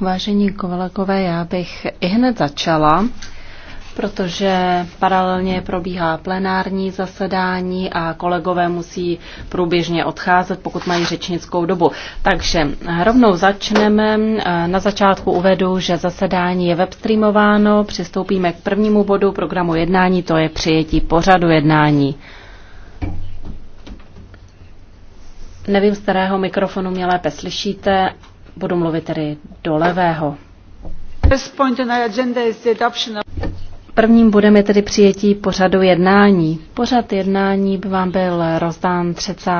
Vážení kolegové, já bych i hned začala, protože paralelně probíhá plenární zasedání a kolegové musí průběžně odcházet, pokud mají řečnickou dobu. Takže rovnou začneme. Na začátku uvedu, že zasedání je webstreamováno. Přistoupíme k prvnímu bodu programu jednání, to je přijetí pořadu jednání. Nevím, z kterého mikrofonu mě lépe slyšíte, budu mluvit tedy do levého. Prvním bodem je tedy přijetí pořadu jednání. Pořad jednání by vám byl rozdán 30.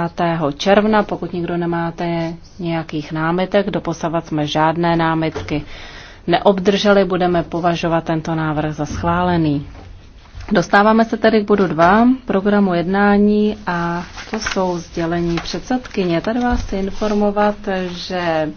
června, pokud nikdo nemáte nějakých námitek, doposavat jsme žádné námitky neobdrželi, budeme považovat tento návrh za schválený. Dostáváme se tedy k bodu 2 programu jednání a to jsou sdělení předsedkyně. Tady vás chci informovat, že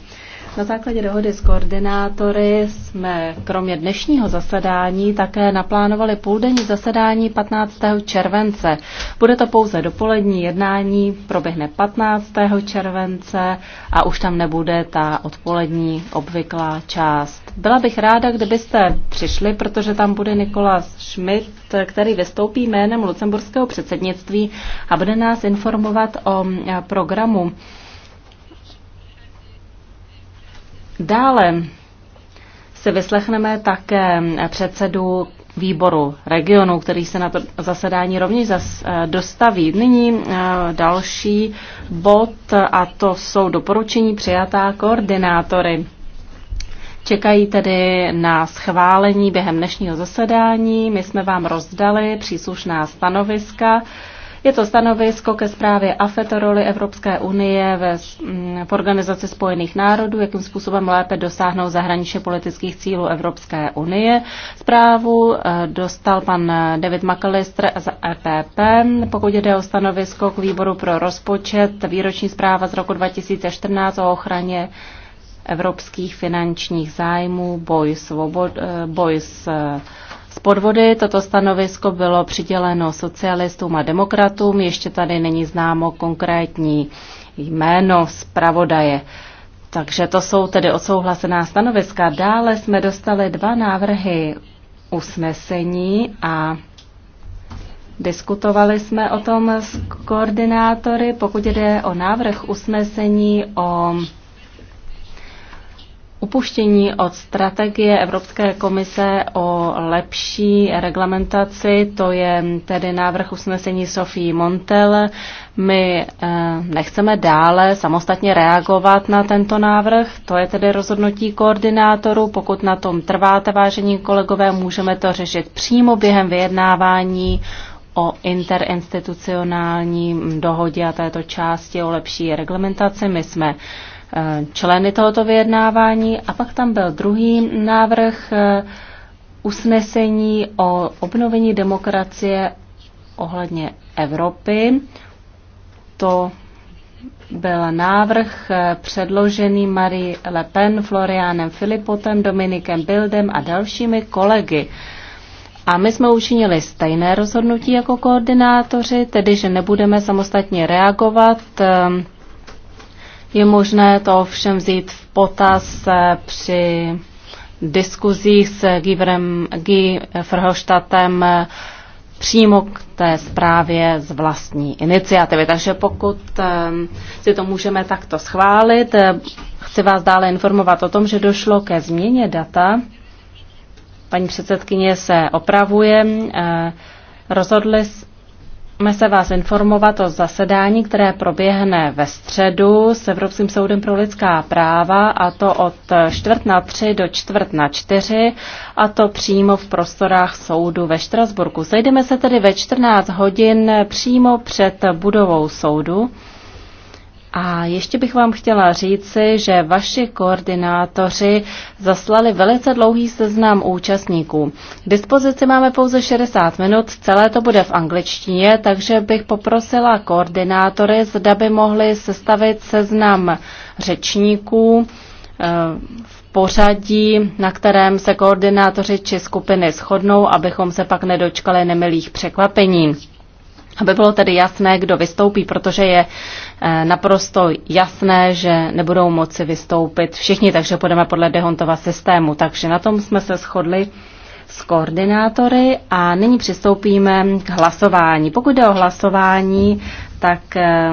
na základě dohody s koordinátory jsme kromě dnešního zasedání také naplánovali půldenní zasedání 15. července. Bude to pouze dopolední jednání, proběhne 15. července a už tam nebude ta odpolední obvyklá část. Byla bych ráda, kdybyste přišli, protože tam bude Nikolas Schmidt, který vystoupí jménem lucemburského předsednictví a bude nás informovat o programu Dále si vyslechneme také předsedu výboru regionu, který se na to zasedání rovněž zas, eh, dostaví. Nyní eh, další bod a to jsou doporučení přijatá koordinátory. Čekají tedy na schválení během dnešního zasedání. My jsme vám rozdali příslušná stanoviska. Je to stanovisko ke zprávě Afetoroli Evropské unie ve, mm, v Organizaci spojených národů, jakým způsobem lépe dosáhnout zahraničně politických cílů Evropské unie. Zprávu eh, dostal pan eh, David McAllister z EPP. Pokud jde o stanovisko k výboru pro rozpočet, výroční zpráva z roku 2014 o ochraně evropských finančních zájmů, boj, svobod, eh, boj s podvody. Toto stanovisko bylo přiděleno socialistům a demokratům. Ještě tady není známo konkrétní jméno zpravodaje. Takže to jsou tedy odsouhlasená stanoviska. Dále jsme dostali dva návrhy usnesení a diskutovali jsme o tom s koordinátory, pokud jde o návrh usnesení o upuštění od strategie Evropské komise o lepší reglementaci, to je tedy návrh usnesení Sofie Montel. My eh, nechceme dále samostatně reagovat na tento návrh, to je tedy rozhodnutí koordinátoru. Pokud na tom trváte, vážení kolegové, můžeme to řešit přímo během vyjednávání o interinstitucionální dohodě a této části o lepší reglementaci. My jsme Eh, členy tohoto vyjednávání. A pak tam byl druhý návrh eh, usnesení o obnovení demokracie ohledně Evropy. To byl návrh eh, předložený Marie Le Pen, Florianem Filipotem, Dominikem Bildem a dalšími kolegy. A my jsme učinili stejné rozhodnutí jako koordinátoři, tedy že nebudeme samostatně reagovat je možné to ovšem vzít v potaz eh, při diskuzích s Giverem Guy Frhoštatem eh, přímo k té zprávě z vlastní iniciativy. Takže pokud eh, si to můžeme takto schválit, chci vás dále informovat o tom, že došlo ke změně data. Paní předsedkyně se opravuje. Rozhodli, Chceme se vás informovat o zasedání, které proběhne ve středu s Evropským soudem pro lidská práva a to od čtvrt na tři do čtvrt na čtyři a to přímo v prostorách soudu ve Štrasburku. Sejdeme se tedy ve 14 hodin přímo před budovou soudu. A ještě bych vám chtěla říci, že vaši koordinátoři zaslali velice dlouhý seznam účastníků. K dispozici máme pouze 60 minut, celé to bude v angličtině, takže bych poprosila koordinátory, zda by mohli sestavit seznam řečníků eh, v pořadí, na kterém se koordinátoři či skupiny shodnou, abychom se pak nedočkali nemilých překvapení aby bylo tedy jasné, kdo vystoupí, protože je eh, naprosto jasné, že nebudou moci vystoupit všichni, takže půjdeme podle Dehontova systému. Takže na tom jsme se shodli s koordinátory a nyní přistoupíme k hlasování. Pokud jde o hlasování, tak eh,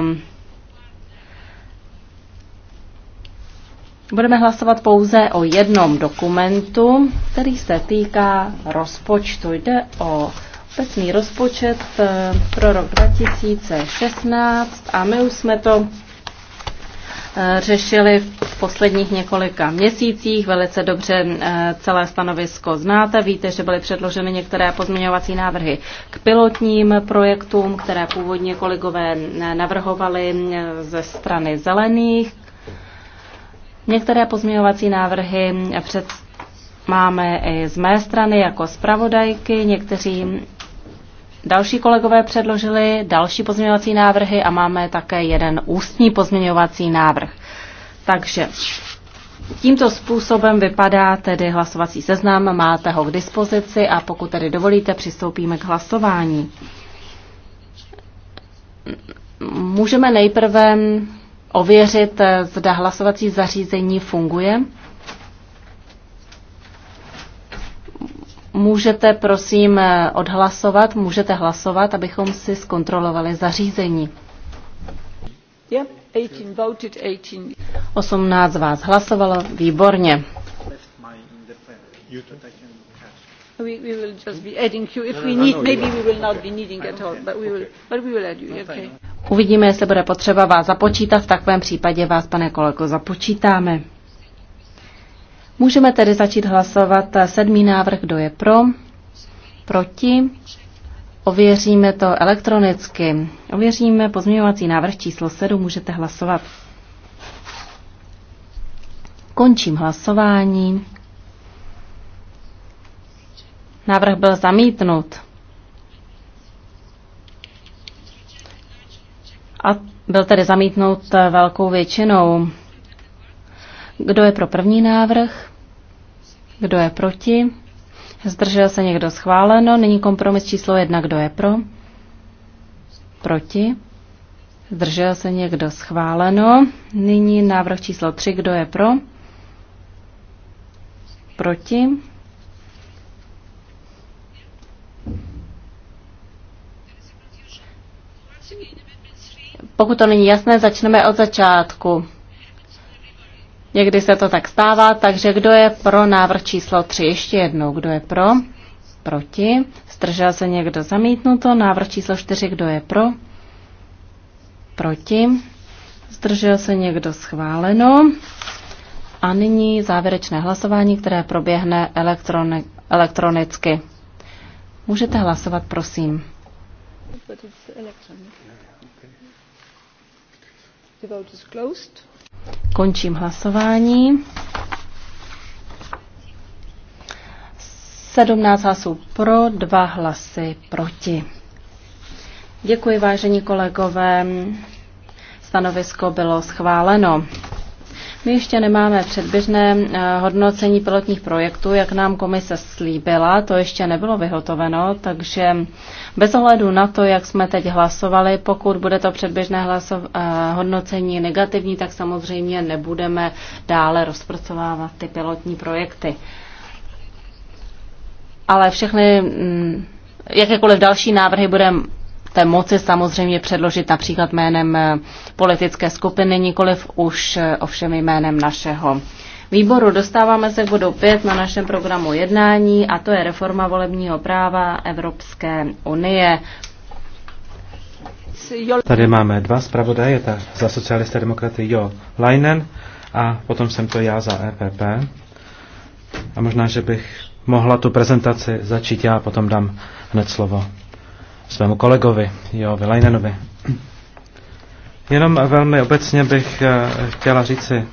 budeme hlasovat pouze o jednom dokumentu, který se týká rozpočtu. Jde o obecný rozpočet eh, pro rok 2016 a my už jsme to eh, řešili v posledních několika měsících. Velice dobře eh, celé stanovisko znáte. Víte, že byly předloženy některé pozměňovací návrhy k pilotním projektům, které původně kolegové navrhovali ze strany zelených. Některé pozměňovací návrhy před máme i z mé strany jako zpravodajky, někteří Další kolegové předložili další pozměňovací návrhy a máme také jeden ústní pozměňovací návrh. Takže tímto způsobem vypadá tedy hlasovací seznam, máte ho k dispozici a pokud tedy dovolíte, přistoupíme k hlasování. Můžeme nejprve ověřit, zda hlasovací zařízení funguje. Můžete prosím eh, odhlasovat, můžete hlasovat, abychom si zkontrolovali zařízení. 18 vás hlasovalo, výborně. Uvidíme, jestli bude potřeba vás započítat. V takovém případě vás, pane kolego, započítáme. Můžeme tedy začít hlasovat sedmý návrh, kdo je pro, proti. Ověříme to elektronicky. Ověříme pozměňovací návrh číslo 7, můžete hlasovat. Končím hlasování. Návrh byl zamítnut. A byl tedy zamítnut velkou většinou. Kdo je pro první návrh? Kdo je proti? Zdržel se někdo schváleno. Nyní kompromis číslo jedna. Kdo je pro? Proti? Zdržel se někdo schváleno. Nyní návrh číslo tři. Kdo je pro? Proti? Pokud to není jasné, začneme od začátku. Někdy se to tak stává, takže kdo je pro návrh číslo 3? Ještě jednou, kdo je pro? Proti. Zdržel se někdo zamítnuto. Návrh číslo 4, kdo je pro? Proti. Zdržel se někdo schváleno. A nyní závěrečné hlasování, které proběhne elektroni- elektronicky. Můžete hlasovat, prosím. The vote is closed. Končím hlasování. 17 hlasů pro, 2 hlasy proti. Děkuji, vážení kolegové. Stanovisko bylo schváleno. My ještě nemáme předběžné eh, hodnocení pilotních projektů, jak nám komise slíbila, to ještě nebylo vyhotoveno, takže bez ohledu na to, jak jsme teď hlasovali, pokud bude to předběžné hlasov, eh, hodnocení negativní, tak samozřejmě nebudeme dále rozpracovávat ty pilotní projekty. Ale všechny mm, jakékoliv další návrhy budeme té moci samozřejmě předložit například jménem eh, politické skupiny, nikoliv už eh, ovšem jménem našeho výboru. Dostáváme se k bodu 5 na našem programu jednání a to je reforma volebního práva Evropské unie. Tady máme dva zpravodaje, za socialisté demokraty Jo Leinen a potom jsem to já za EPP. A možná, že bych mohla tu prezentaci začít já a potom dám hned slovo svému kolegovi, Jo Vilajnenovi. Jenom velmi obecně bych eh, chtěla říci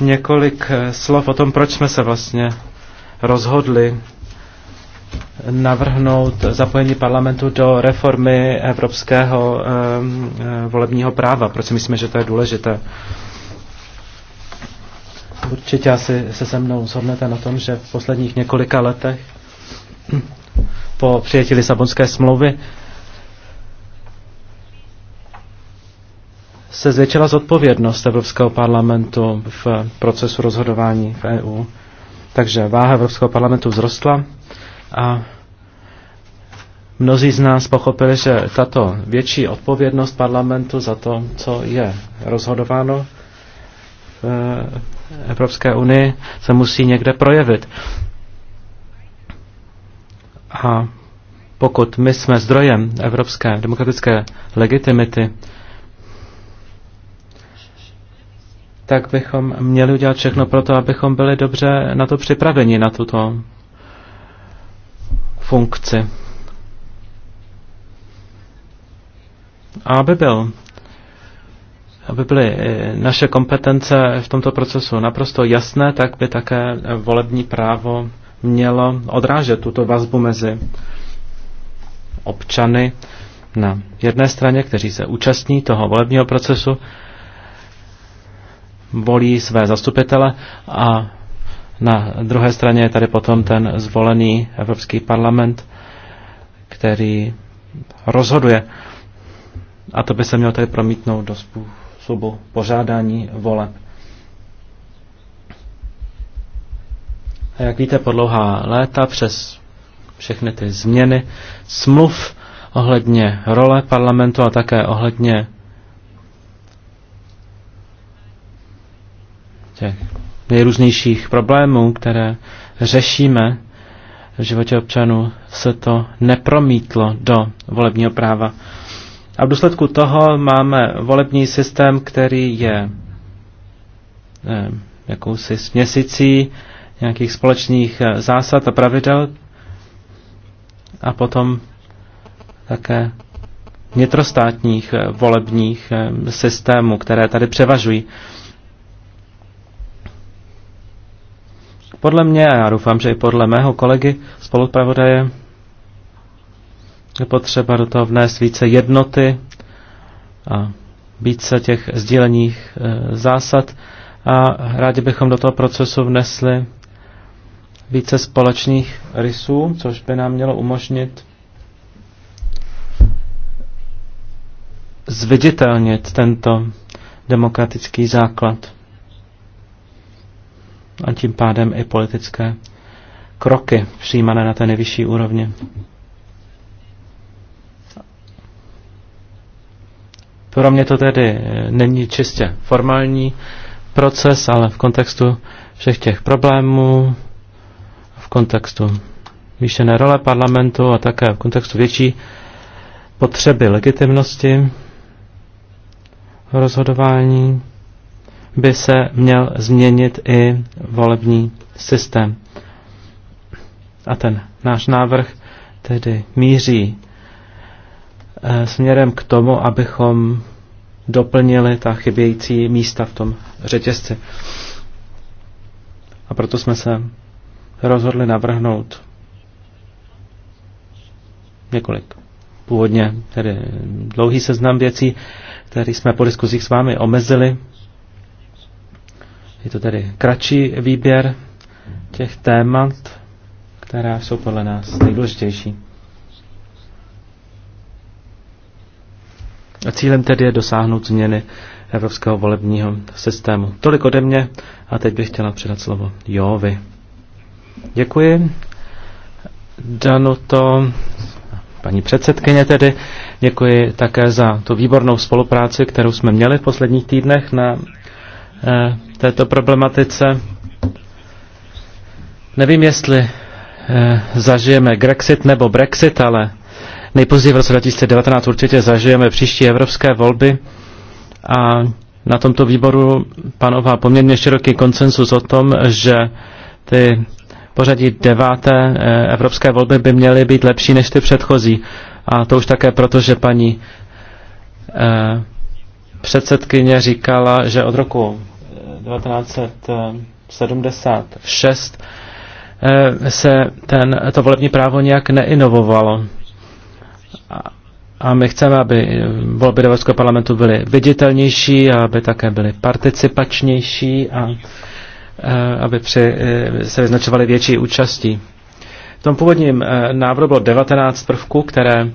několik eh, slov o tom, proč jsme se vlastně rozhodli navrhnout zapojení parlamentu do reformy evropského ehm, eh, volebního práva. Proč si myslíme, že to je důležité? Určitě asi se se mnou shodnete na tom, že v posledních několika letech po přijetí Lisabonské smlouvy se zvětšila zodpovědnost Evropského parlamentu v procesu rozhodování v EU. Takže váha Evropského parlamentu vzrostla a mnozí z nás pochopili, že tato větší odpovědnost parlamentu za to, co je rozhodováno v Evropské unii, se musí někde projevit. A pokud my jsme zdrojem evropské demokratické legitimity, tak bychom měli udělat všechno pro to, abychom byli dobře na to připraveni, na tuto funkci. A aby byl aby byly e, naše kompetence v tomto procesu naprosto jasné, tak by také volební právo mělo odrážet tuto vazbu mezi občany na jedné straně, kteří se účastní toho volebního procesu, volí své zastupitele a na druhé straně je tady potom ten zvolený Evropský parlament, který rozhoduje. A to by se mělo tady promítnout do způsobu pořádání voleb. Jak víte, po dlouhá léta přes všechny ty změny smluv ohledně role parlamentu a také ohledně těch nejrůznějších problémů, které řešíme v životě občanů, se to nepromítlo do volebního práva. A v důsledku toho máme volební systém, který je eh, jakousi směsicí nějakých společných eh, zásad a pravidel a potom také vnitrostátních eh, volebních eh, systémů, které tady převažují. Podle mě, a já doufám, že i podle mého kolegy spolupravodaje, je potřeba do toho vnést více jednoty a více těch sdílených zásad a rádi bychom do toho procesu vnesli více společných rysů, což by nám mělo umožnit zviditelnit tento demokratický základ a tím pádem i politické kroky přijímané na té nejvyšší úrovni. Pro mě to tedy eh, není čistě formální proces, ale v kontextu všech těch problémů, kontextu výšené role parlamentu a také v kontextu větší potřeby legitimnosti rozhodování by se měl změnit i volební systém. A ten náš návrh tedy míří eh, směrem k tomu, abychom doplnili ta chybějící místa v tom řetězci. A proto jsme se rozhodli navrhnout několik původně tedy dlouhý seznam věcí, který jsme po diskuzích s vámi omezili. Je to tedy kratší výběr těch témat, která jsou podle nás nejdůležitější. A cílem tedy je dosáhnout změny evropského volebního systému. Tolik ode mě a teď bych chtěla předat slovo Jovi. Děkuji. to, paní předsedkyně tedy, děkuji také za tu výbornou spolupráci, kterou jsme měli v posledních týdnech na eh, této problematice. Nevím, jestli eh, zažijeme Grexit nebo Brexit, ale nejpozději v roce 2019 určitě zažijeme příští evropské volby a na tomto výboru panová poměrně široký konsensus o tom, že ty pořadí deváté eh, evropské volby by měly být lepší než ty předchozí. A to už také proto, že paní eh, předsedkyně říkala, že od roku 1976 eh, se ten, to volební právo nějak neinovovalo. A my chceme, aby volby do Evropského parlamentu byly viditelnější, aby také byly participačnější a Eh, aby při, eh, se vyznačovaly větší účastí. V tom původním eh, návrhu bylo 19 prvků, které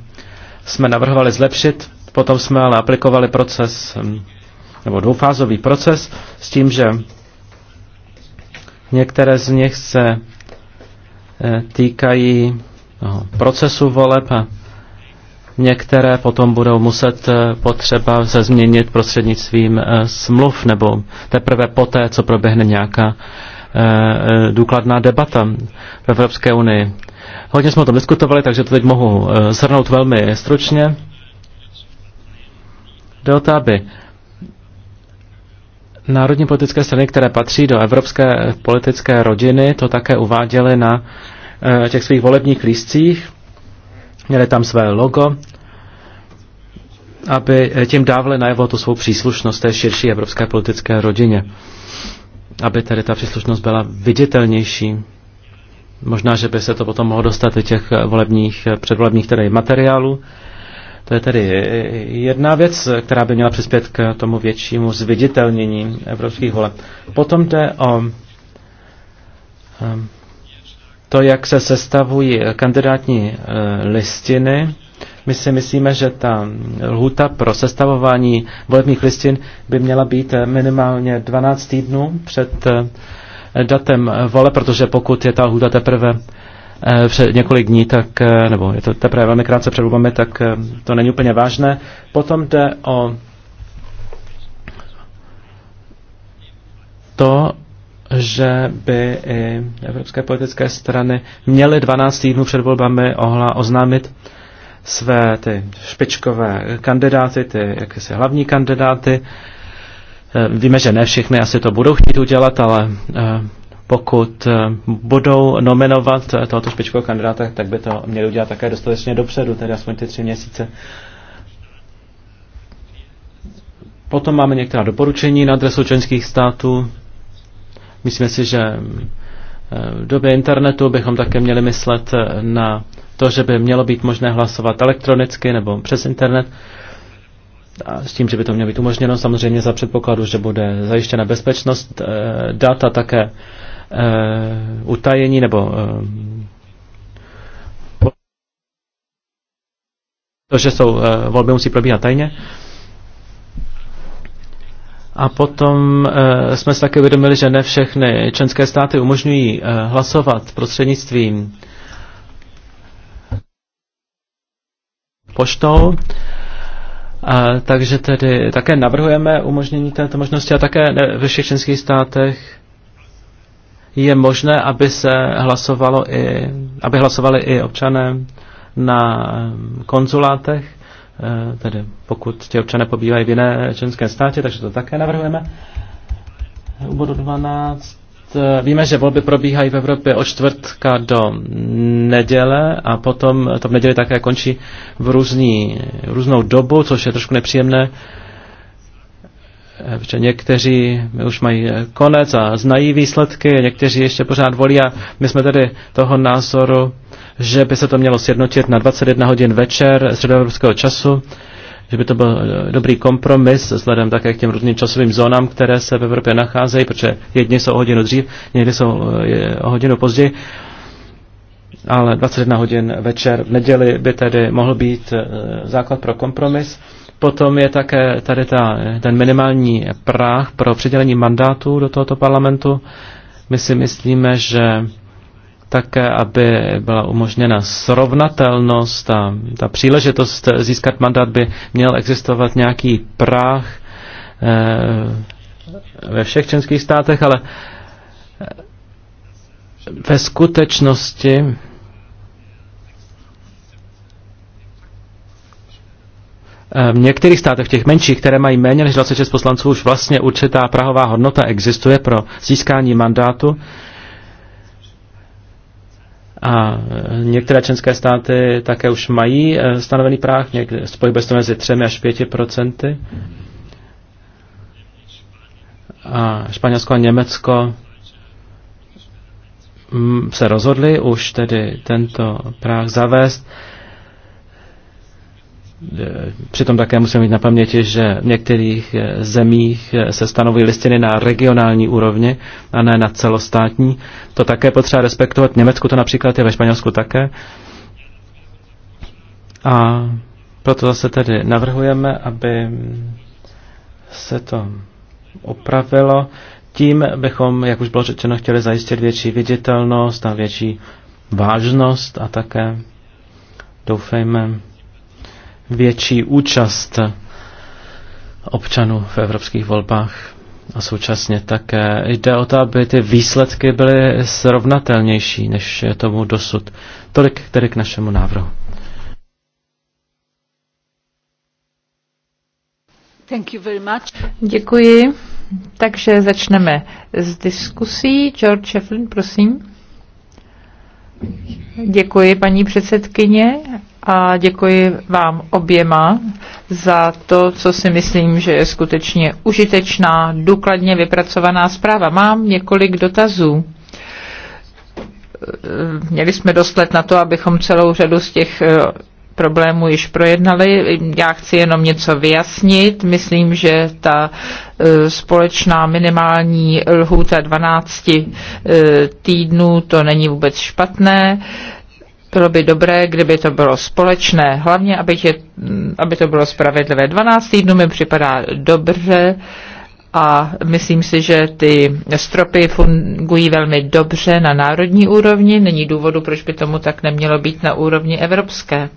jsme navrhovali zlepšit, potom jsme ale aplikovali proces, hm, nebo dvoufázový proces, s tím, že některé z nich se týkají no, procesu voleb a Některé potom budou muset eh, potřeba se změnit prostřednictvím eh, smluv nebo teprve poté, co proběhne nějaká eh, důkladná debata v Evropské unii. Hodně jsme o tom diskutovali, takže to teď mohu shrnout velmi stručně. Jde o to, aby národní politické strany, které patří do evropské politické rodiny, to také uváděly na těch svých volebních lístcích měli tam své logo, aby tím dávali najevo tu svou příslušnost té širší evropské politické rodině. Aby tedy ta příslušnost byla viditelnější. Možná, že by se to potom mohlo dostat i těch volebních, předvolebních tedy materiálů. To je tedy jedna věc, která by měla přispět k tomu většímu zviditelnění evropských voleb. Potom jde o um, to, jak se sestavují kandidátní eh, listiny, my si myslíme, že ta lhuta pro sestavování volebních listin by měla být eh, minimálně 12 týdnů před eh, datem vole, protože pokud je ta lhuta teprve před několik dní, tak, nebo je to teprve velmi krátce před volbami, tak to není úplně vážné. Potom jde o to, že by i evropské politické strany měly 12 týdnů před volbami ohla oznámit své ty špičkové kandidáty, ty jakési hlavní kandidáty. Eh, víme, že ne všichni asi to budou chtít udělat, ale eh, pokud eh, budou nominovat tohoto špičkového kandidáta, tak by to měli udělat také dostatečně dopředu, tedy aspoň ty tři měsíce. Potom máme některá doporučení na adresu členských států. Myslíme si, že eh, v době internetu bychom také měli myslet eh, na to, že by mělo být možné hlasovat elektronicky nebo přes internet. A s tím, že by to mělo být umožněno, samozřejmě za předpokladu, že bude zajištěna bezpečnost e, data také e, utajení nebo e, to, že jsou, e, volby musí probíhat tajně. E, a potom e, jsme se také uvědomili, že ne všechny členské státy umožňují e, hlasovat prostřednictvím poštou. E, takže tedy také navrhujeme umožnění této možnosti a také ne, ve všech členských státech je možné, aby se hlasovalo i, aby hlasovali i občané na konzulátech. Eh, tedy pokud ti občané pobývají v jiné členské státě, takže to také navrhujeme. Eh, u bodu 12 eh, víme, že volby probíhají v Evropě od čtvrtka do neděle a potom to v neděli také končí v různý, různou dobu, což je trošku nepříjemné že někteří už mají konec a znají výsledky, někteří ještě pořád volí a my jsme tedy toho názoru, že by se to mělo sjednotit na 21 hodin večer středoevropského času, že by to byl eh, dobrý kompromis vzhledem také k těm různým časovým zónám, které se v Evropě nacházejí, protože jedni jsou o hodinu dřív, někdy jsou eh, o hodinu později, ale 21 hodin večer v neděli by tedy mohl být eh, základ pro kompromis. Potom je také tady ta, ten minimální práh pro přidělení mandátu do tohoto parlamentu. My si myslíme, že také, aby byla umožněna srovnatelnost a ta příležitost získat mandát by měl existovat nějaký práh eh, ve všech členských státech, ale eh, ve skutečnosti Eh, v některých státech, v těch menších, které mají méně než 26 poslanců, už vlastně určitá prahová hodnota existuje pro získání mandátu. A eh, některé členské státy také už mají eh, stanovený práh, spojíme se mezi 3 až 5 procenty. A Španělsko a Německo mm, se rozhodli už tedy tento práh zavést. Eh, přitom také musíme mít na paměti, že v některých eh, zemích eh, se stanovují listiny na regionální úrovni a ne na celostátní. To také potřeba respektovat. V Německu to například je, ve Španělsku také. A proto zase tedy navrhujeme, aby se to opravilo. Tím bychom, jak už bylo řečeno, chtěli zajistit větší viditelnost a větší vážnost a také doufejme, větší účast občanů v evropských volbách. A současně také jde o to, aby ty výsledky byly srovnatelnější, než je tomu dosud. Tolik tedy k našemu návrhu. Thank you very much. Děkuji. Takže začneme s diskusí. George Shefflin, prosím. Děkuji, paní předsedkyně a děkuji vám oběma za to, co si myslím, že je skutečně užitečná, důkladně vypracovaná zpráva. Mám několik dotazů měli jsme dost let na to, abychom celou řadu z těch eh, problémů již projednali. Já chci jenom něco vyjasnit. Myslím, že ta eh, společná minimální lhůta 12 eh, týdnů, to není vůbec špatné. Bylo by dobré, kdyby to bylo společné, hlavně aby, tě, aby to bylo spravedlivé. 12 týdnů mi připadá dobře a myslím si, že ty stropy fungují velmi dobře na národní úrovni. Není důvodu, proč by tomu tak nemělo být na úrovni evropské.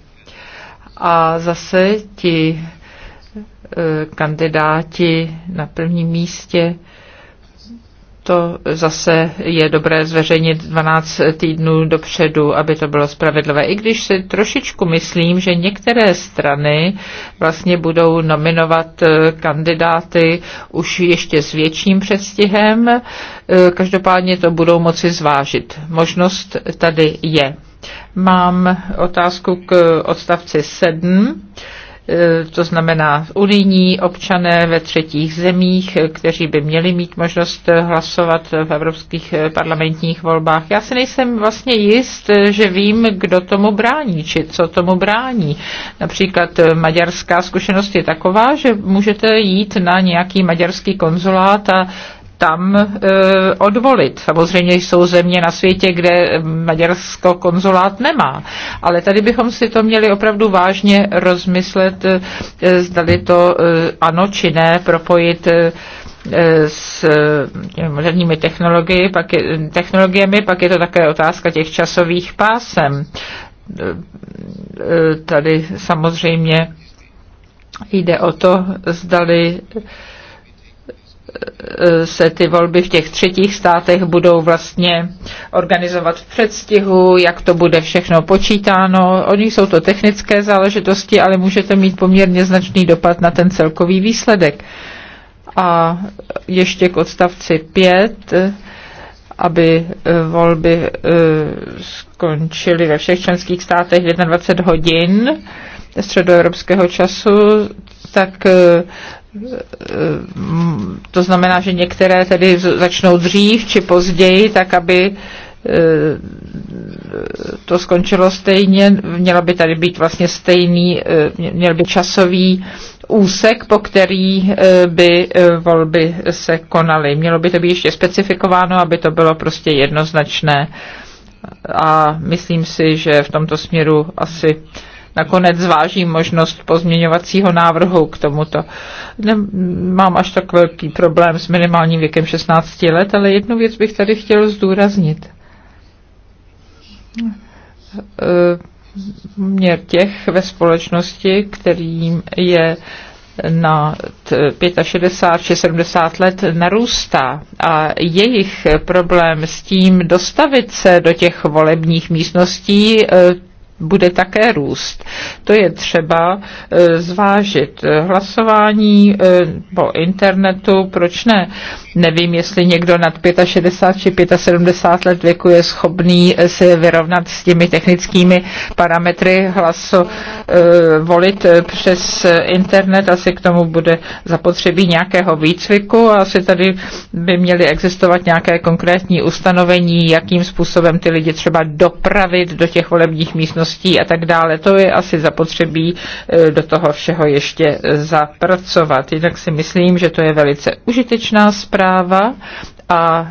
A zase ti eh, kandidáti na prvním místě to zase je dobré zveřejnit 12 týdnů dopředu, aby to bylo spravedlivé. I když si trošičku myslím, že některé strany vlastně budou nominovat eh, kandidáty už ještě s větším předstihem, eh, každopádně to budou moci zvážit. Možnost tady je. Mám otázku k odstavci 7 Eh, to znamená unijní občané ve třetích zemích, eh, kteří by měli mít možnost eh, hlasovat v evropských parlamentních volbách. Já si nejsem vlastně jist, že vím, kdo tomu brání, či co tomu brání. Například maďarská zkušenost je taková, že můžete jít na nějaký maďarský konzulát a tam e, odvolit. Samozřejmě jsou země na světě, kde Maďarsko konzulát nemá, ale tady bychom si to měli opravdu vážně rozmyslet, e, zdali to e, ano či ne, propojit e, e s e, moderními technologie, pak je, technologiemi, pak je to také otázka těch časových pásem. E, tady samozřejmě jde o to, zdali E, se ty volby v těch třetích státech budou vlastně organizovat v předstihu, jak to bude všechno počítáno. Oni jsou to technické záležitosti, ale může to mít poměrně značný dopad na ten celkový výsledek. A ještě k odstavci 5 aby e, volby e, skončily ve všech členských státech 21 hodin středoevropského času, tak to znamená, že některé tedy začnou dřív či později, tak aby eh, to skončilo stejně. Mělo by tady být vlastně stejný, eh, měl by časový úsek, po který eh, by volby se konaly. Mělo by to být ještě specifikováno, aby to bylo prostě jednoznačné. A myslím si, že v tomto směru asi nakonec zvážím možnost pozměňovacího návrhu k tomuto. Nemám až tak velký problém s minimálním věkem 16 let, ale jednu věc bych tady chtěl zdůraznit. Měr těch ve společnosti, kterým je na 65 či 70 let narůstá a jejich problém s tím dostavit se do těch volebních místností, eh, bude také růst. To je třeba eh, zvážit. Hlasování eh, po internetu, proč ne? Nevím, jestli někdo nad 65 či 75 let věku je schopný se vyrovnat s těmi technickými parametry hlasu eh, volit eh, přes internet. Asi k tomu bude zapotřebí nějakého výcviku asi tady by měly existovat nějaké konkrétní ustanovení, jakým způsobem ty lidi třeba dopravit do těch volebních místností a tak dále. To je asi zapotřebí eh, do toho všeho ještě zapracovat. Jinak si myslím, že to je velice užitečná zpráva zpráva a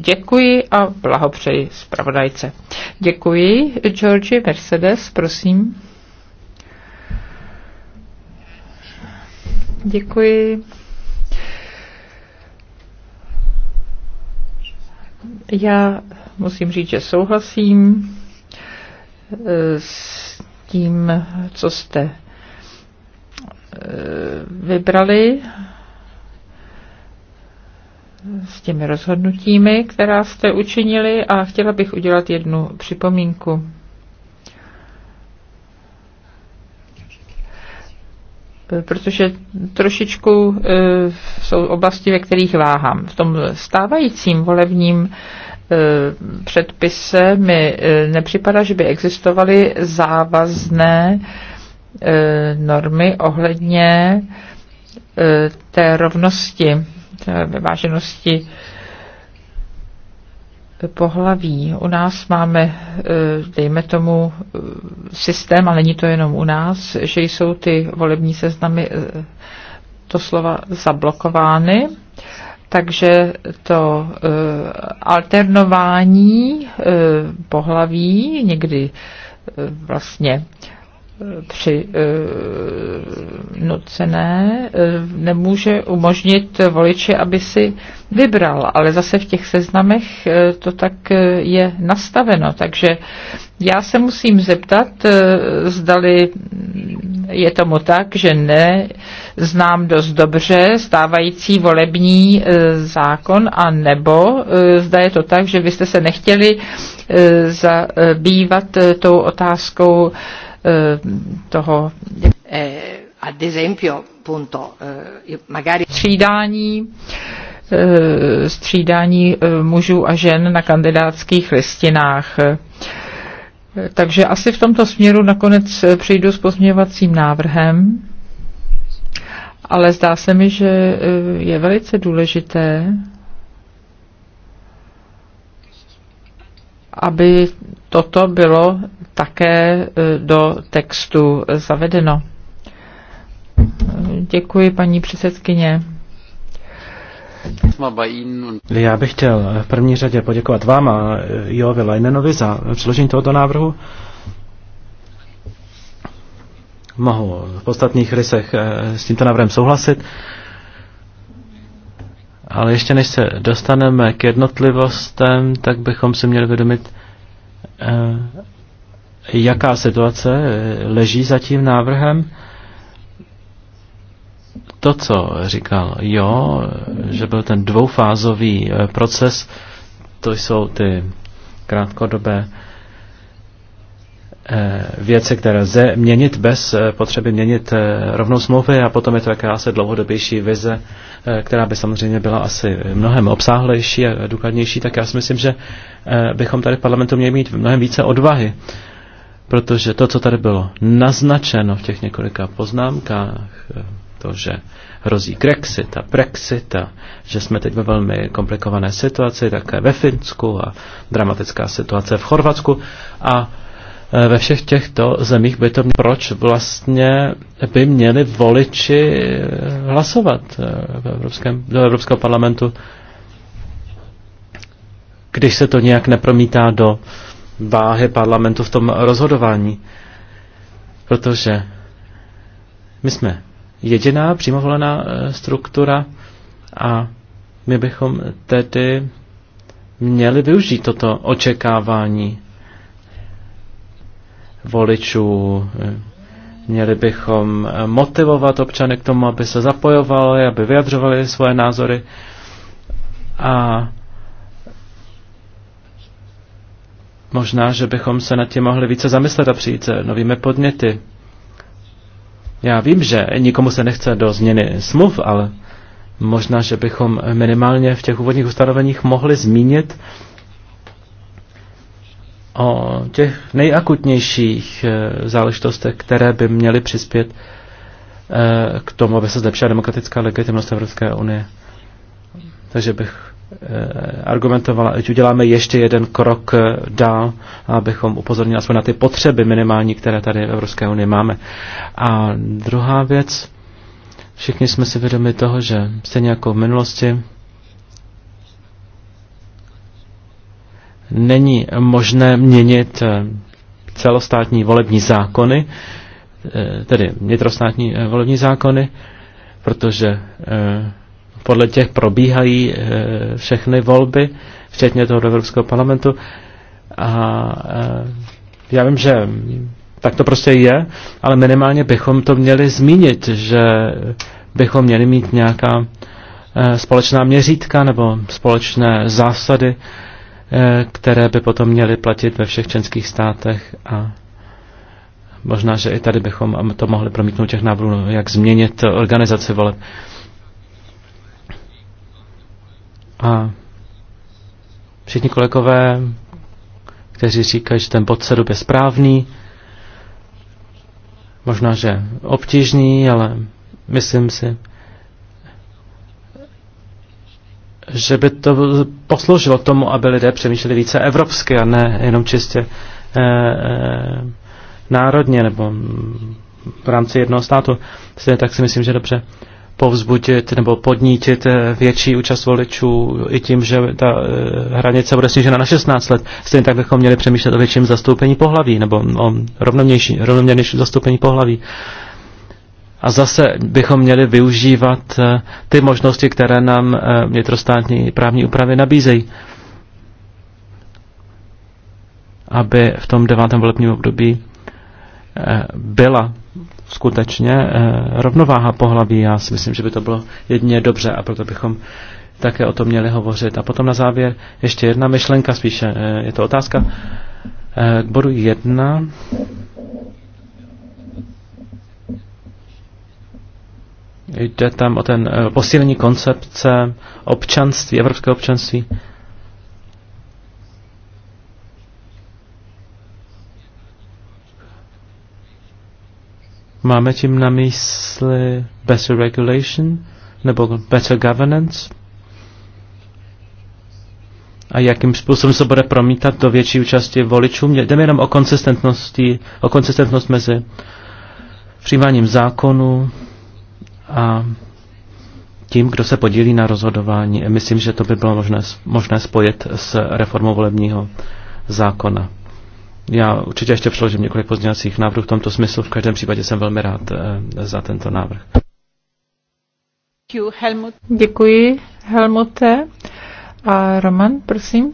děkuji a blahopřeji zpravodajce. Děkuji, Georgi Mercedes, prosím. Děkuji. Já musím říct, že souhlasím eh, s tím, co jste eh, vybrali s těmi rozhodnutími, která jste učinili a chtěla bych udělat jednu připomínku. protože trošičku e, jsou oblasti, ve kterých váhám. V tom stávajícím volebním e, předpise mi e, nepřipadá, že by existovaly závazné e, normy ohledně e, té rovnosti Eh, váženosti pohlaví. U nás máme, eh, dejme tomu, eh, systém, ale není to jenom u nás, že jsou ty volební seznamy to slova zablokovány, takže to alternování pohlaví někdy vlastně při přinucené, eh, eh, nemůže umožnit voliči, aby si vybral. Ale zase v těch seznamech eh, to tak je nastaveno. Takže já se musím zeptat, zdali je tomu tak, že ne znám dost dobře stávající volební zákon a nebo zda je to tak, že vy jste se nechtěli zabývat tou otázkou Eh, toho eh, ad esempio punto, eh, magari střídání střídání mužů a žen na kandidátských listinách. Takže asi v tomto směru nakonec přijdu s pozměňovacím návrhem, ale zdá se mi, že je velice důležité, aby toto bylo také e, do textu zavedeno. Děkuji, paní předsedkyně. Já bych chtěl v první řadě poděkovat vám a e, Jovi Leinenovi za předložení tohoto návrhu. Mohu v podstatných rysech e, s tímto návrhem souhlasit. Ale ještě než se dostaneme k jednotlivostem, tak bychom si měli vědomit, eh, jaká situace eh, leží za tím návrhem. To, co říkal Jo, že byl ten dvoufázový eh, proces, to jsou ty krátkodobé Eh, věci, které lze měnit bez eh, potřeby měnit eh, rovnou smlouvy a potom je to jakási dlouhodobější vize, která by samozřejmě byla asi mnohem obsáhlejší a důkladnější, tak já si myslím, že bychom tady v parlamentu měli mít mnohem více odvahy, protože to, co tady bylo naznačeno v těch několika poznámkách, to, že hrozí Grexit a Brexit a že jsme teď ve velmi komplikované situaci, také ve Finsku a dramatická situace v Chorvatsku a Eh, ve všech těchto zemích by to mě, proč vlastně by měli voliči eh, hlasovat eh, v Evropském, do Evropského parlamentu, když se to nějak nepromítá do váhy parlamentu v tom rozhodování. Protože my jsme jediná přímo volená struktura a my bychom tedy měli využít toto očekávání voličů. Měli bychom motivovat občany k tomu, aby se zapojovali, aby vyjadřovali svoje názory a možná, že bychom se nad tím mohli více zamyslet a přijít se novými podněty. Já vím, že nikomu se nechce do změny smluv, ale možná, že bychom minimálně v těch úvodních ustanoveních mohli zmínit, o těch nejakutnějších eh, záležitostech, které by měly přispět eh, k tomu, aby se zlepšila demokratická legitimnost Evropské unie. Takže bych eh, argumentovala, že uděláme ještě jeden krok dál, abychom upozornili aspoň na ty potřeby minimální, které tady v Evropské unii máme. A druhá věc, všichni jsme si vědomi toho, že stejně jako v minulosti, není možné měnit eh, celostátní volební zákony, eh, tedy vnitrostátní eh, volební zákony, protože podle těch probíhají všechny volby, včetně toho do Evropského parlamentu. A já vím, že tak to prostě je, ale minimálně bychom to měli zmínit, že bychom měli mít nějaká společná měřítka nebo společné zásady, Eh, které by potom měly platit ve všech členských státech a možná, že i tady bychom to mohli promítnout těch návrhů, no, jak změnit organizaci voleb. A všichni kolegové, kteří říkají, že ten bod 7 je správný, možná, že obtížný, ale myslím si, že by to posloužilo tomu, aby lidé přemýšleli více evropsky a ne jenom čistě e, e, národně nebo v rámci jednoho státu. Stejně tak si myslím, že dobře povzbudit nebo podnítit eh, větší účast voličů i tím, že ta hranice bude snížena na 16 let. Stejně tak bychom měli přemýšlet o větším zastoupení pohlaví nebo o rovnoměrnějším zastoupení pohlaví. E, a zase bychom měli využívat eh, ty možnosti, které nám eh, vnitrostátní právní úpravy nabízejí, aby v tom devátém volebním období eh, byla skutečně rovnováha pohlaví. Já si myslím, že by to bylo jedině dobře a proto bychom také o tom měli hovořit. A potom na závěr ještě jedna myšlenka, spíše je to otázka k bodu jedna. Jde tam o ten eh, posílení koncepce občanství, evropského občanství. Máme tím na mysli better regulation nebo better governance? A jakým způsobem se bude promítat do větší účasti voličů? Jde jenom o konsistentnosti, o konsistentnost mezi přijímáním zákonů, a tím, kdo se podílí na rozhodování. Myslím, že to by bylo možné, možné spojit s reformou volebního zákona. Já určitě ještě přeložím několik pozdějacích návrhů v tomto smyslu. V každém případě jsem velmi rád eh, za tento návrh. Děkuji, Helmute. A Roman, prosím.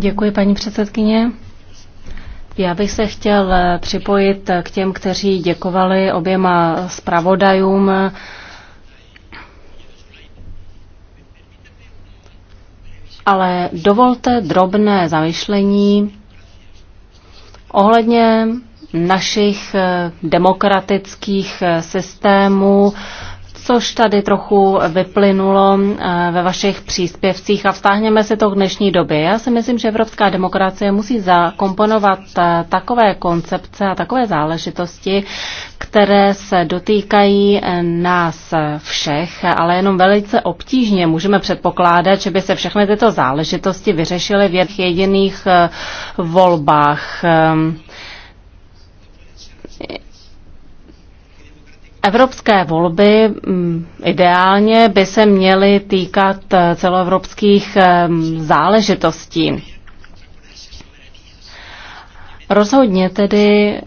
Děkuji, paní předsedkyně. Já bych se chtěl eh, připojit eh, k těm, kteří děkovali oběma zpravodajům. Ale dovolte drobné zamyšlení ohledně našich eh, demokratických systémů což tady trochu vyplynulo eh, ve vašich příspěvcích a vztáhneme se to k dnešní době. Já si myslím, že evropská demokracie musí zakomponovat eh, takové koncepce a takové záležitosti, které se dotýkají eh, nás všech, ale jenom velice obtížně můžeme předpokládat, že by se všechny tyto záležitosti vyřešily v jediných volbách. Ehm, Evropské volby mm, ideálně by se měly týkat eh, celoevropských eh, záležitostí. Rozhodně tedy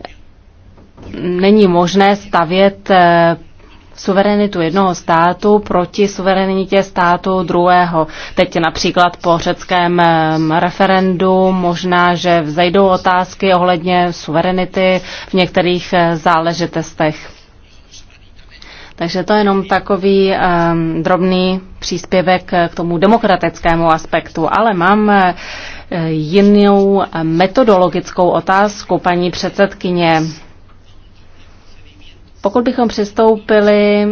není možné stavět eh, suverenitu jednoho státu proti suverenitě státu druhého. Teď například po řeckém referendu možná, že vzejdou otázky ohledně suverenity v některých záležitostech. Takže to je jenom takový um, drobný příspěvek k tomu demokratickému aspektu. Ale mám eh, jinou metodologickou otázku, paní předsedkyně. Pokud bychom přistoupili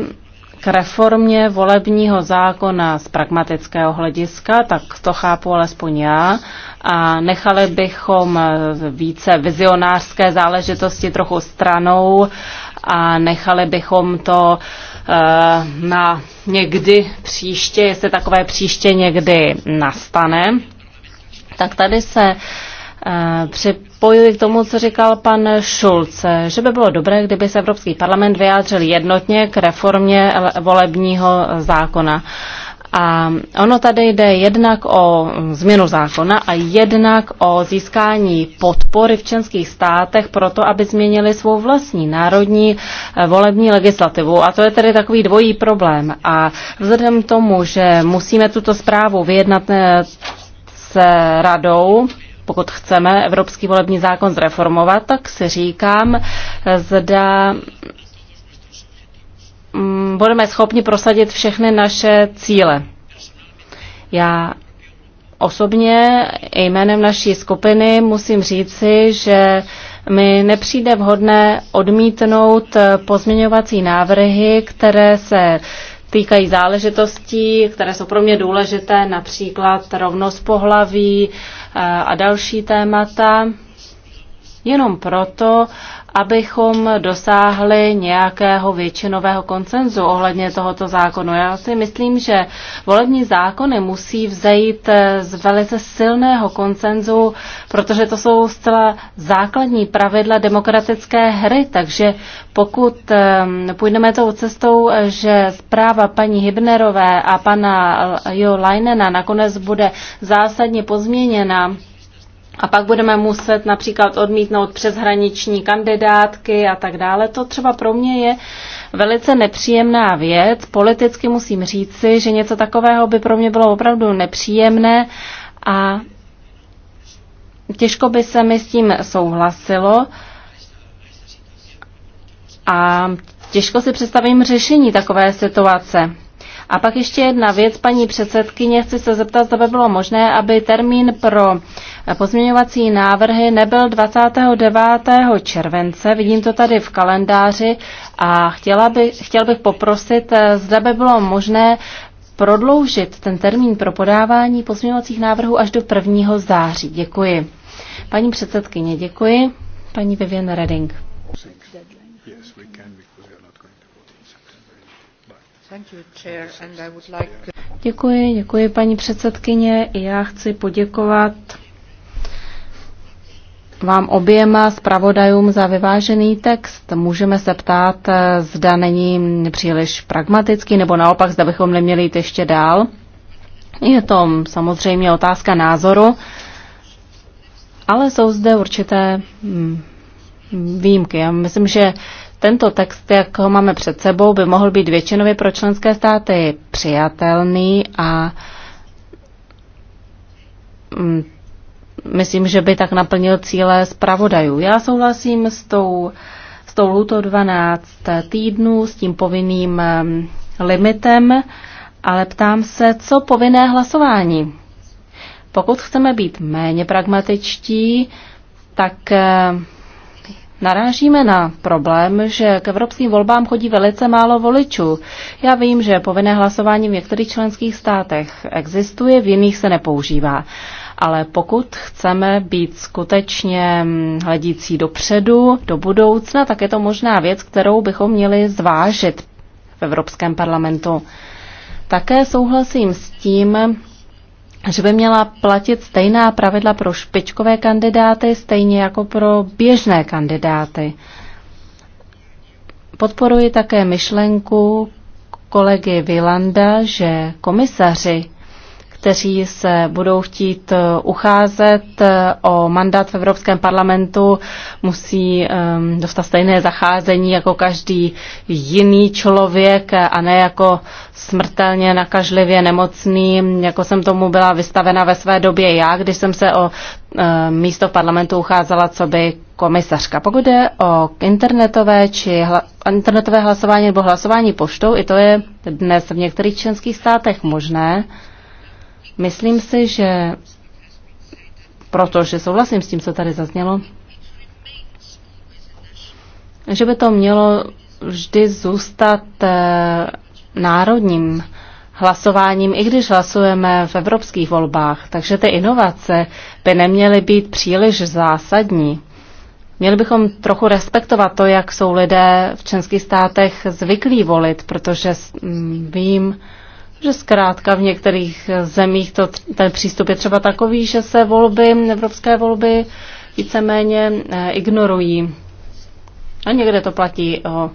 k reformě volebního zákona z pragmatického hlediska, tak to chápu alespoň já, a nechali bychom eh, více vizionářské záležitosti trochu stranou a nechali bychom to eh, na někdy příště, jestli takové příště někdy nastane, tak tady se eh, připojuji k tomu, co říkal pan Schulz, že by bylo dobré, kdyby se Evropský parlament vyjádřil jednotně k reformě volebního zákona. A ono tady jde jednak o změnu zákona a jednak o získání podpory v členských státech to, aby změnili svou vlastní národní eh, volební legislativu. A to je tedy takový dvojí problém. A vzhledem k tomu, že musíme tuto zprávu vyjednat eh, se radou, pokud chceme evropský volební zákon zreformovat, tak si říkám, eh, zda Mm, budeme schopni prosadit všechny naše cíle. Já osobně jménem naší skupiny musím říci, že mi nepřijde vhodné odmítnout pozměňovací návrhy, které se týkají záležitostí, které jsou pro mě důležité, například rovnost pohlaví eh, a další témata jenom proto, abychom dosáhli nějakého většinového koncenzu ohledně tohoto zákonu. Já si myslím, že volební zákony musí vzejít z velice silného koncenzu, protože to jsou zcela základní pravidla demokratické hry, takže pokud půjdeme tou cestou, že zpráva paní Hibnerové a pana Jo Leinena nakonec bude zásadně pozměněna, a pak budeme muset například odmítnout přeshraniční kandidátky a tak dále. To třeba pro mě je velice nepříjemná věc. Politicky musím říci, že něco takového by pro mě bylo opravdu nepříjemné a těžko by se mi s tím souhlasilo. A těžko si představím řešení takové situace. A pak ještě jedna věc, paní předsedkyně, chci se zeptat, zda by bylo možné, aby termín pro pozměňovací návrhy nebyl 29. července, vidím to tady v kalendáři a chtěla by, chtěl bych poprosit, eh, zda by bylo možné prodloužit ten termín pro podávání pozměňovacích návrhů až do 1. září. Děkuji. Paní předsedkyně, děkuji. Paní Vivian Reding. Děkuji, děkuji paní předsedkyně. Já chci poděkovat vám oběma zpravodajům za vyvážený text. Můžeme se ptát, zda není příliš pragmatický, nebo naopak, zda bychom neměli jít ještě dál. Je to samozřejmě otázka názoru, ale jsou zde určité mm, výjimky. Já myslím, že tento text, jak ho máme před sebou, by mohl být většinově pro členské státy přijatelný a mm, myslím, že by tak naplnil cíle zpravodajů. Já souhlasím s tou, s tou luto 12 týdnů, s tím povinným mm, limitem, ale ptám se, co povinné hlasování? Pokud chceme být méně pragmatičtí, tak eh, narážíme na problém, že k evropským volbám chodí velice málo voličů. Já vím, že povinné hlasování v některých členských státech existuje, v jiných se nepoužívá. Ale pokud chceme být skutečně mm, hledící dopředu, do budoucna, tak je to možná věc, kterou bychom měli zvážit v Evropském parlamentu. Také souhlasím s tím, že by měla platit stejná pravidla pro špičkové kandidáty, stejně jako pro běžné kandidáty. Podporuji také myšlenku kolegy Vilanda, že komisaři kteří se budou chtít eh, ucházet eh, o mandát v Evropském parlamentu, musí ehm, dostat stejné zacházení jako každý jiný člověk eh, a ne jako smrtelně nakažlivě nemocný, jako jsem tomu byla vystavena ve své době já, když jsem se o místo parlamentu ucházela co by komisařka. Pokud jde o internetové či hla, internetové hlasování nebo hlasování poštou, i to je dnes v některých členských státech možné. Myslím si, že protože souhlasím s tím, co tady zaznělo, že by to mělo vždy zůstat eh, národním hlasováním, i když hlasujeme v evropských volbách. Takže ty inovace by neměly být příliš zásadní. Měli bychom trochu respektovat to, jak jsou lidé v členských státech zvyklí volit, protože vím, že zkrátka v některých zemích to, ten přístup je třeba takový, že se volby, evropské volby víceméně eh, ignorují. A někde to platí o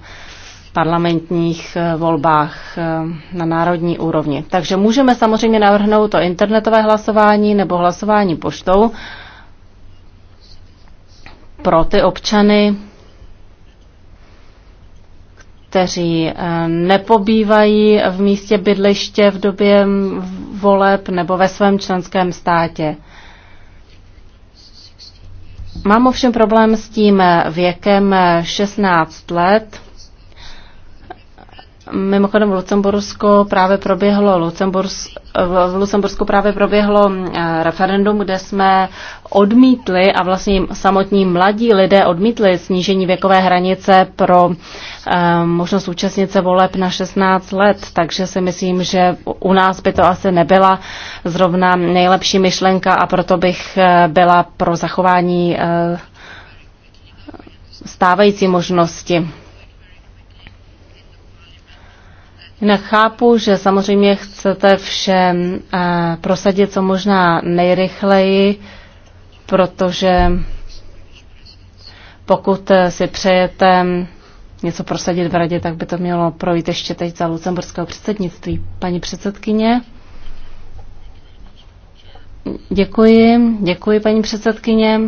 parlamentních eh, volbách eh, na národní úrovni. Takže můžeme samozřejmě navrhnout to internetové hlasování nebo hlasování poštou pro ty občany, kteří eh, nepobývají v místě bydliště v době voleb nebo ve svém členském státě. Mám ovšem problém s tím věkem 16 eh, let, Mimochodem v Lucembursku právě proběhlo Lucemburs, v Lucembursku právě proběhlo eh, referendum, kde jsme odmítli a vlastně samotní mladí lidé odmítli snížení věkové hranice pro eh, možnost účastnit se voleb na 16 let, takže si myslím, že u nás by to asi nebyla zrovna nejlepší myšlenka a proto bych eh, byla pro zachování stávající možnosti. Jinak chápu, že samozřejmě chcete všem eh, prosadit co možná nejrychleji, protože pokud eh, si přejete něco prosadit v radě, tak by to mělo projít ještě teď za lucemburského předsednictví. Paní předsedkyně. Děkuji, děkuji paní předsedkyně.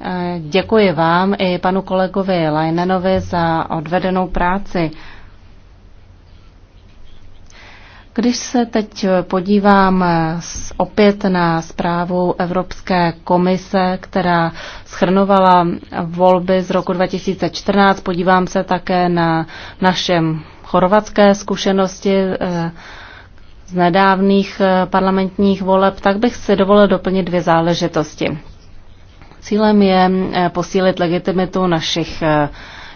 Eh, děkuji vám i panu kolegovi Lajnenovi za odvedenou práci. Když se teď podívám eh, opět na zprávu Evropské komise, která schrnovala volby z roku 2014, podívám se také na našem chorvatské zkušenosti eh, z nedávných eh, parlamentních voleb, tak bych si dovolil doplnit dvě záležitosti. Cílem je posílit legitimitu našich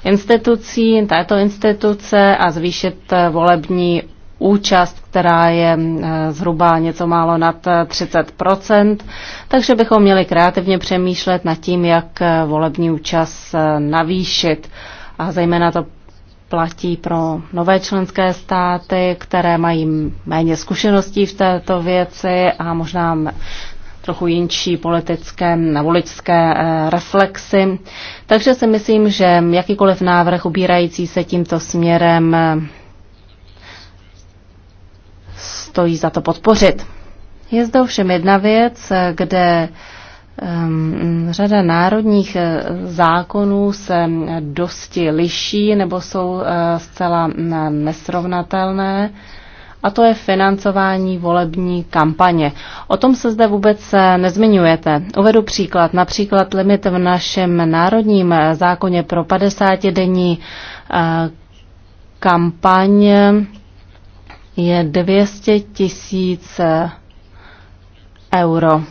institucí, této instituce a zvýšit volební účast, která je eh, zhruba něco málo nad 30%, eh, takže bychom měli kreativně přemýšlet nad tím, jak eh, volební účast navýšit. A zejména to platí pro nové členské státy, které mají méně zkušeností v této věci a možná trochu jinší politické na voličské reflexy. Takže si myslím, že jakýkoliv návrh ubírající se tímto směrem stojí za to podpořit. Je zde ovšem jedna věc, kde ehm, řada národních eh, zákonů se eh, dosti liší nebo jsou eh, zcela mm, nesrovnatelné a to je financování volební kampaně. O tom se zde vůbec nezmiňujete. Uvedu příklad. Například limit v našem národním zákoně pro 50-denní kampaně je 200 tisíc euro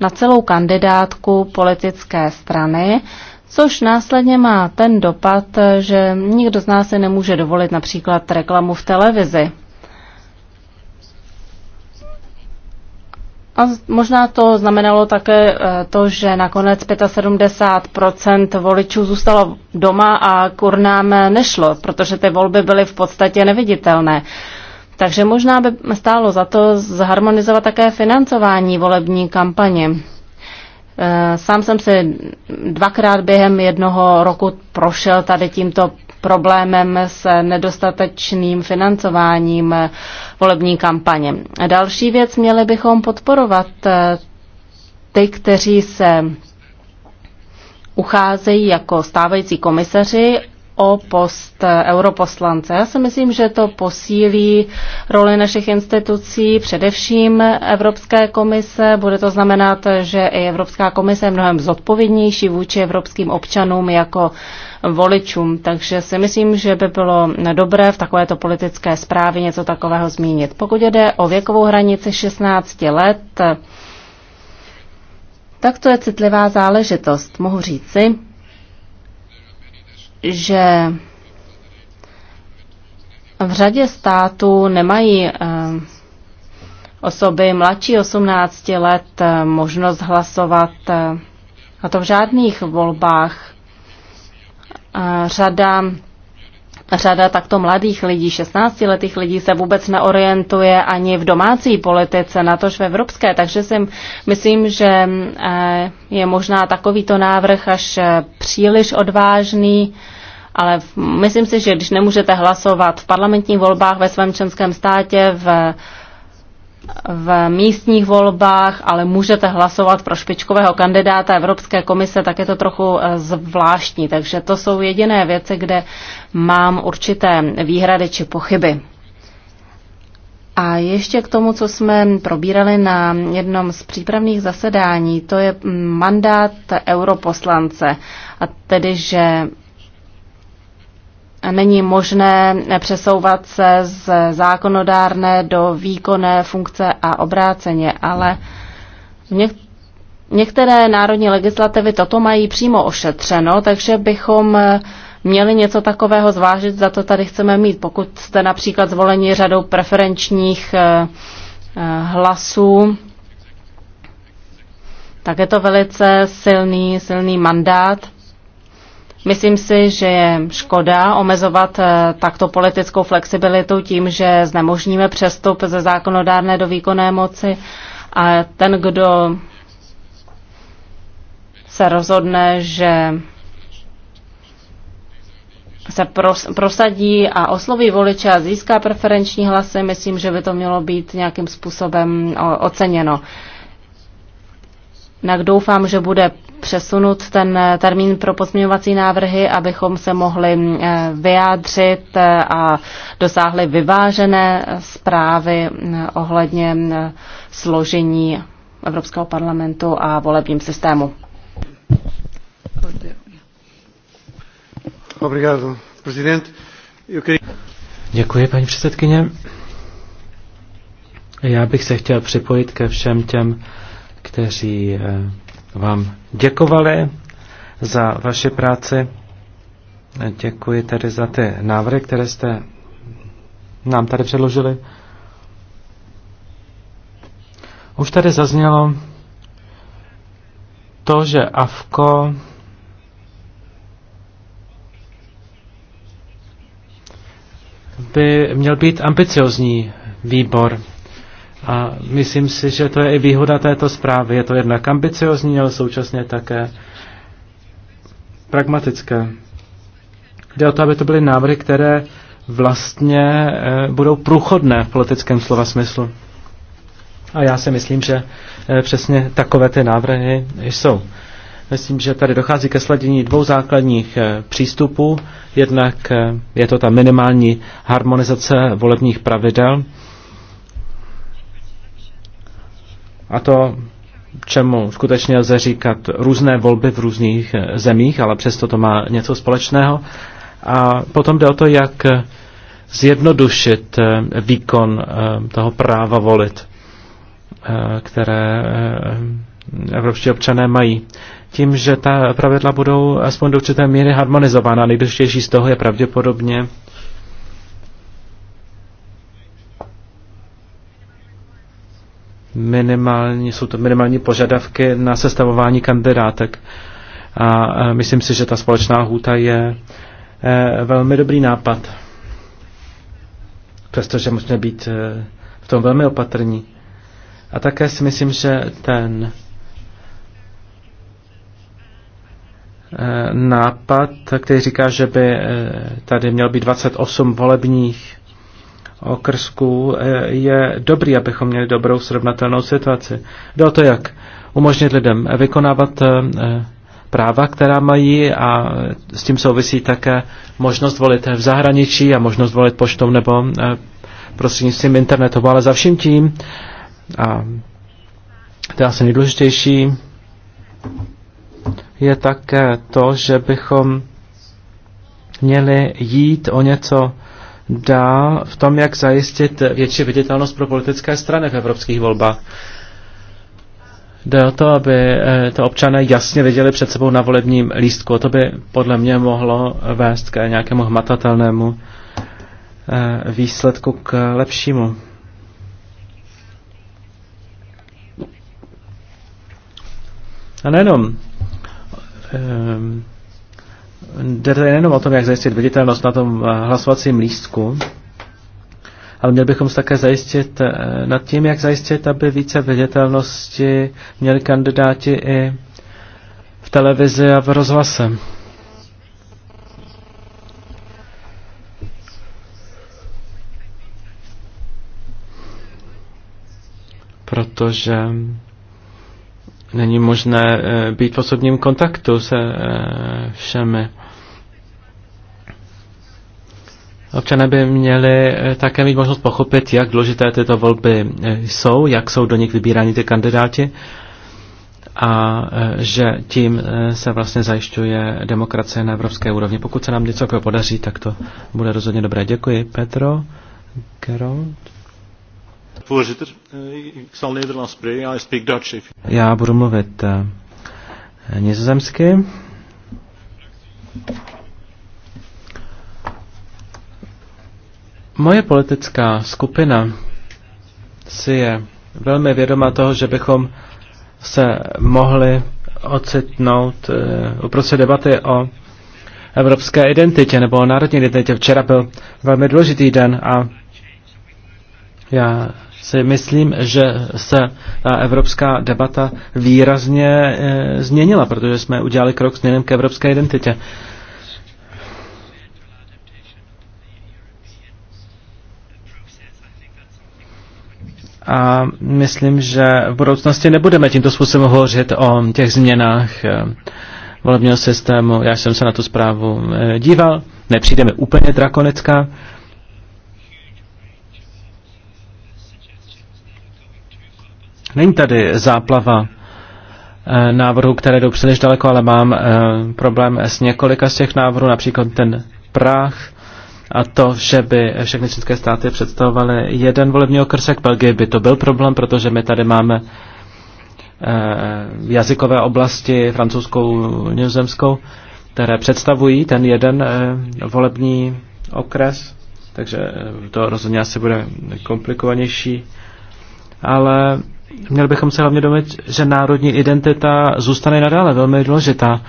na celou kandidátku politické strany, což následně má ten dopad, že nikdo z nás si nemůže dovolit například reklamu v televizi. A možná to znamenalo také eh, to, že nakonec 75 voličů zůstalo doma a k urnám nešlo, protože ty volby byly v podstatě neviditelné. Takže možná by stálo za to zharmonizovat také financování volební kampaně. Eh, sám jsem se dvakrát během jednoho roku prošel tady tímto problémem s nedostatečným financováním eh, volební kampaně. Další věc, měli bychom podporovat eh, ty, kteří se ucházejí jako stávající komisaři o post europoslance. Já si myslím, že to posílí roli našich institucí, především Evropské komise. Bude to znamenat, že i Evropská komise je mnohem zodpovědnější vůči evropským občanům jako voličům. Takže si myslím, že by bylo dobré v takovéto politické zprávě něco takového zmínit. Pokud jde o věkovou hranici 16 let, tak to je citlivá záležitost, mohu říci že v řadě států nemají eh, osoby mladší 18 let eh, možnost hlasovat eh, a to v žádných volbách. Řada Řada takto mladých lidí, 16-letých lidí, se vůbec neorientuje ani v domácí politice, natož v evropské, takže si myslím, že eh, je možná takovýto návrh až eh, příliš odvážný, ale myslím si, že když nemůžete hlasovat v parlamentních volbách ve svém členském státě, v v místních volbách, ale můžete hlasovat pro špičkového kandidáta Evropské komise, tak je to trochu eh, zvláštní. Takže to jsou jediné věci, kde mám určité výhrady či pochyby. A ještě k tomu, co jsme probírali na jednom z přípravných zasedání, to je mm, mandát europoslance. A tedy, že není možné přesouvat se z zákonodárné do výkonné funkce a obráceně, ale něk- některé národní legislativy toto mají přímo ošetřeno, takže bychom měli něco takového zvážit, za to tady chceme mít. Pokud jste například zvoleni řadou preferenčních eh, eh, hlasů, tak je to velice silný, silný mandát. Myslím si, že je škoda omezovat eh, takto politickou flexibilitu tím, že znemožníme přestup ze zákonodárné do výkonné moci a ten, kdo se rozhodne, že se prosadí a osloví voliče a získá preferenční hlasy, myslím, že by to mělo být nějakým způsobem eh, oceněno. Tak doufám, že bude přesunout ten eh, termín pro pozměňovací návrhy, abychom se mohli eh, vyjádřit eh, a dosáhli vyvážené zprávy ohledně složení Evropského parlamentu a volebním systému. Děkuji, paní předsedkyně. Já bych se chtěl připojit ke všem těm, kteří vám děkovali za vaše práci. Děkuji tedy za ty návrhy, které jste nám tady předložili. Už tady zaznělo to, že AFKO by měl být ambiciozní výbor. A myslím si, že to je i výhoda této zprávy. Je to jednak ambiciozní, ale současně také pragmatické. Jde o to, aby to byly návrhy, které vlastně eh, budou průchodné v politickém slova smyslu. A já si myslím, že eh, přesně takové ty návrhy jsou. Myslím, že tady dochází ke sladění dvou základních eh, přístupů. Jednak je to ta minimální harmonizace volebních pravidel, A to, čemu skutečně lze říkat různé volby v různých eh, zemích, ale přesto to má něco společného. A potom jde o to, jak zjednodušit eh, výkon eh, toho práva volit, které evropští občané mají. Tím, že ta pravidla budou aspoň do určité míry harmonizována, nejdůležitější z toho je pravděpodobně minimální, jsou to minimální požadavky na sestavování kandidátek. A e, myslím si, že ta společná hůta je e, velmi dobrý nápad. Přestože musíme být e, v tom velmi opatrní. A také si myslím, že ten nápad, který říká, že by tady měl být 28 volebních okrsků e, je dobrý, abychom měli dobrou srovnatelnou situaci. Jde o to, jak umožnit lidem vykonávat e, práva, která mají a s tím souvisí také možnost volit v zahraničí a možnost volit poštou nebo e, prostřednictvím internetu, ale za vším tím a to je asi nejdůležitější je také to, že bychom měli jít o něco dál v tom, jak zajistit větší viditelnost pro politické strany v evropských volbách. Jde o to, aby eh, to občané jasně viděli před sebou na volebním lístku. To by podle mě mohlo vést k nějakému hmatatelnému eh, výsledku k lepšímu. A nejenom eh, jde nejenom o tom, jak zajistit viditelnost na tom eh, hlasovacím lístku, ale měli bychom se také zajistit eh, nad tím, jak zajistit, aby více viditelnosti měli kandidáti i v televizi a v rozhlase. Protože Není možné eh, být v osobním kontaktu se eh, všemi. Občané by měli eh, také mít možnost pochopit, jak důležité tyto volby jsou, jak jsou do nich vybíráni ty kandidáti a že tím se vlastně zajišťuje demokracie na evropské úrovni. Pokud se nám něco jako podaří, tak to bude rozhodně dobré. Děkuji, Petro. Gerald. Já budu mluvit nizozemsky. Moje politická skupina si je velmi vědoma toho, že bychom se mohli ocitnout eh, uprostřed debaty o evropské identitě nebo o národní identitě. Včera byl velmi důležitý den a já si myslím, že se ta eh, evropská debata výrazně e, změnila, protože jsme udělali krok směrem k evropské identitě. A myslím, že v budoucnosti nebudeme tímto způsobem hovořit o těch změnách eh, volebního systému. Já jsem se na tu zprávu díval. Nepřijde mi úplně drakonická. Není tady záplava eh, návrhů, které jdou příliš daleko, ale mám eh, problém s několika z těch návrhů, například ten Prah a to, že by všechny členské státy představovaly jeden volební okrsek Belgie, by to byl problém, protože my tady máme eh, jazykové oblasti, francouzskou, nizozemskou, které představují ten jeden volební okres, takže to rozhodně asi bude komplikovanější. Ale Měli bychom se hlavně domět, že národní identita zůstane nadále velmi důležitá.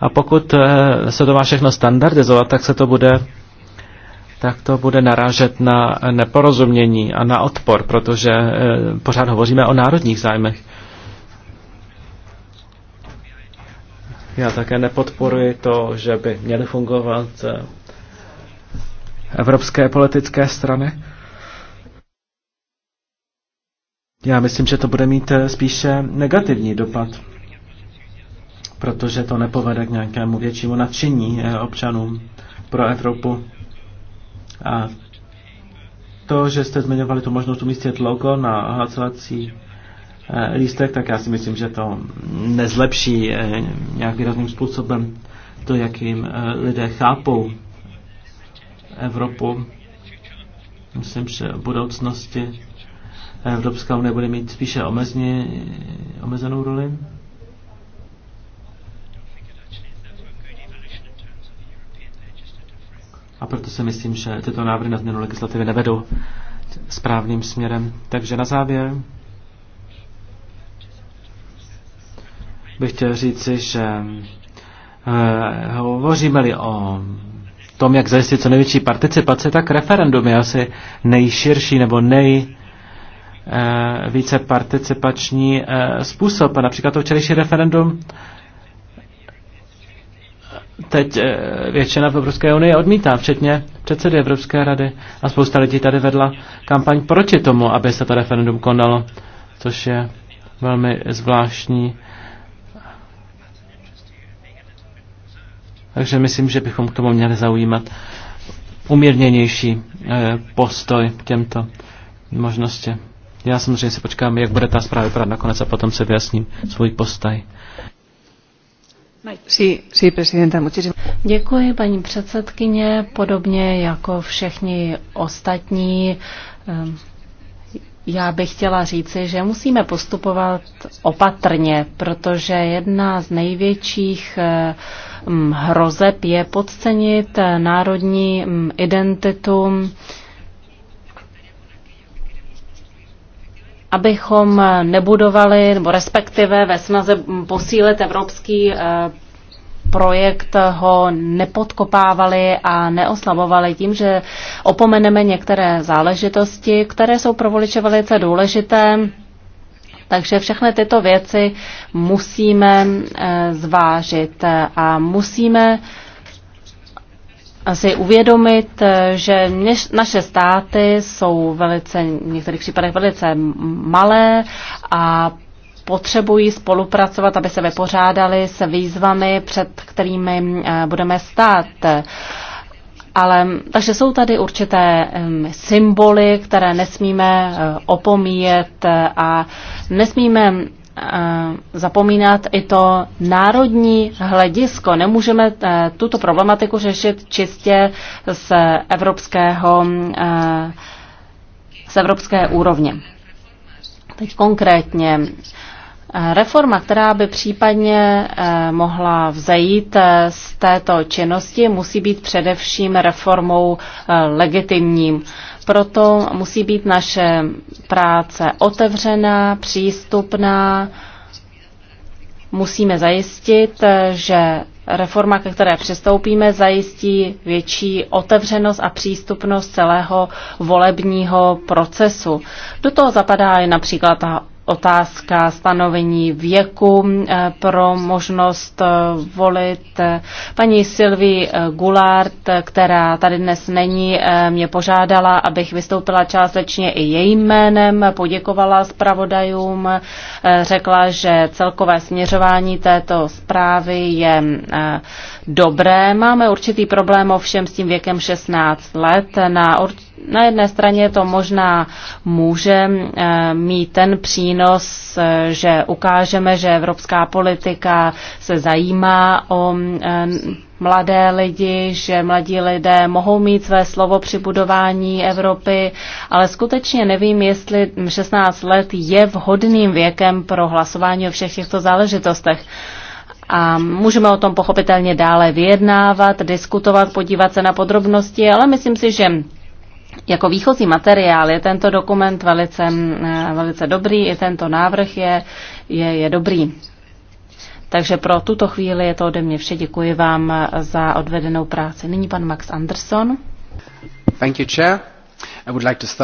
A pokud eh, se to má všechno standardizovat, tak se to bude tak to bude narážet na neporozumění a na odpor, protože eh, pořád hovoříme o národních zájmech. Já také nepodporuji to, že by měly fungovat eh, evropské politické strany. Já myslím, že to bude mít eh, spíše negativní dopad, protože to nepovede k nějakému většímu nadšení eh, občanům pro Evropu. A to, že jste zmiňovali tu možnost umístit logo na hlasovací eh, lístek, tak já si myslím, že to nezlepší nějak výrazným způsobem to, jakým lidé chápou Evropu. Myslím, že v budoucnosti Evropská unie bude mít spíše omezně, omezenou roli? A proto si myslím, že tyto návrhy na změnu legislativy nevedou správným směrem. Takže na závěr bych chtěl říci, že eh, hovoříme-li o tom, jak zajistit co největší participace, tak referendum je asi nejširší nebo nej Eh, více participační eh, způsob. Například to včerejší referendum teď eh, většina v Evropské unii odmítá, včetně předsedy Evropské rady. A spousta lidí tady vedla kampaň proti tomu, aby se to referendum konalo, což je velmi zvláštní. Takže myslím, že bychom k tomu měli zaujímat umírněnější postoj k těmto možnostem. Já samozřejmě si počkám, jak bude ta zpráva vypadat nakonec a potom se vyjasním svůj postaj. Sí, sí, prezidenta, Děkuji, paní předsedkyně. Podobně jako všichni ostatní, ehm, já bych chtěla říci, že musíme postupovat opatrně, protože jedna z největších ehm, hrozeb je podcenit národní ehm, identitu abychom nebudovali, nebo respektive ve snaze posílit evropský eh, projekt ho nepodkopávali a neoslabovali tím, že opomeneme některé záležitosti, které jsou pro voliče velice důležité. Takže všechny tyto věci musíme eh, zvážit a musíme si uvědomit, že naše státy jsou velice, v některých případech velice malé a potřebují spolupracovat, aby se vypořádali se výzvami, před kterými eh, budeme stát. Ale, takže jsou tady určité symboly, které nesmíme eh, opomíjet eh, a nesmíme Eh, zapomínat i to národní hledisko. Nemůžeme eh, tuto problematiku řešit čistě z evropského eh, z evropské úrovně. Teď konkrétně Reforma, která by případně mohla vzejít z této činnosti, musí být především reformou legitimním. Proto musí být naše práce otevřená, přístupná. Musíme zajistit, že reforma, ke které přistoupíme, zajistí větší otevřenost a přístupnost celého volebního procesu. Do toho zapadá i například ta otázka stanovení věku eh, pro možnost eh, volit. Eh, paní Silvi Gulard, která tady dnes není, mě požádala, abych vystoupila částečně i jejím jménem, poděkovala zpravodajům, řekla, že celkové směřování této zprávy je dobré. Máme určitý problém ovšem s tím věkem 16 let. Na, na jedné straně to možná může eh, mít ten přínos, eh, že ukážeme, že evropská politika se zajímá o eh, mladé lidi, že mladí lidé mohou mít své slovo při budování Evropy, ale skutečně nevím, jestli 16 let je vhodným věkem pro hlasování o všech těchto záležitostech a můžeme o tom pochopitelně dále vyjednávat, diskutovat, podívat se na podrobnosti, ale myslím si, že jako výchozí materiál je tento dokument velice, eh, velice dobrý, i tento návrh je, je, je dobrý. Takže pro tuto chvíli je to ode mě vše. Děkuji vám za odvedenou práci. Nyní pan Max Anderson. Thank you, chair.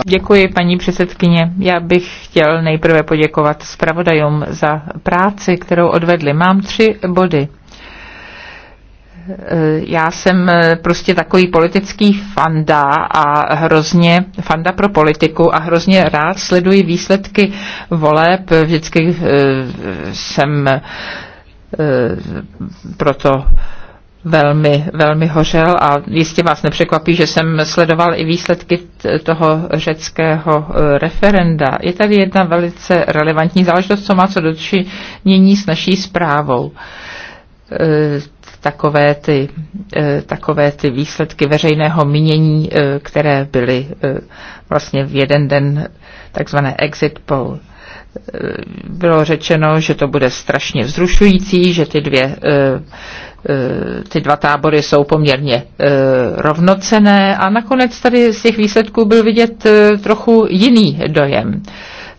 Děkuji, paní předsedkyně. Já bych chtěl nejprve poděkovat zpravodajům za práci, kterou odvedli. Mám tři body já jsem eh, prostě takový politický fanda a hrozně, fanda pro politiku a hrozně rád sleduji výsledky voleb. Vždycky eh, jsem eh, proto velmi, velmi hořel a jistě vás nepřekvapí, že jsem sledoval i výsledky toho řeckého e, referenda. Je tady jedna velice relevantní záležitost, co má co dočinění s naší zprávou e, takové ty, e, takové ty výsledky veřejného mínění, které byly vlastně v jeden den takzvané exit poll bylo řečeno, že to bude strašně vzrušující, že ty, dvě, e, e, ty dva tábory jsou poměrně e, rovnocené a nakonec tady z těch výsledků byl vidět trochu jiný dojem.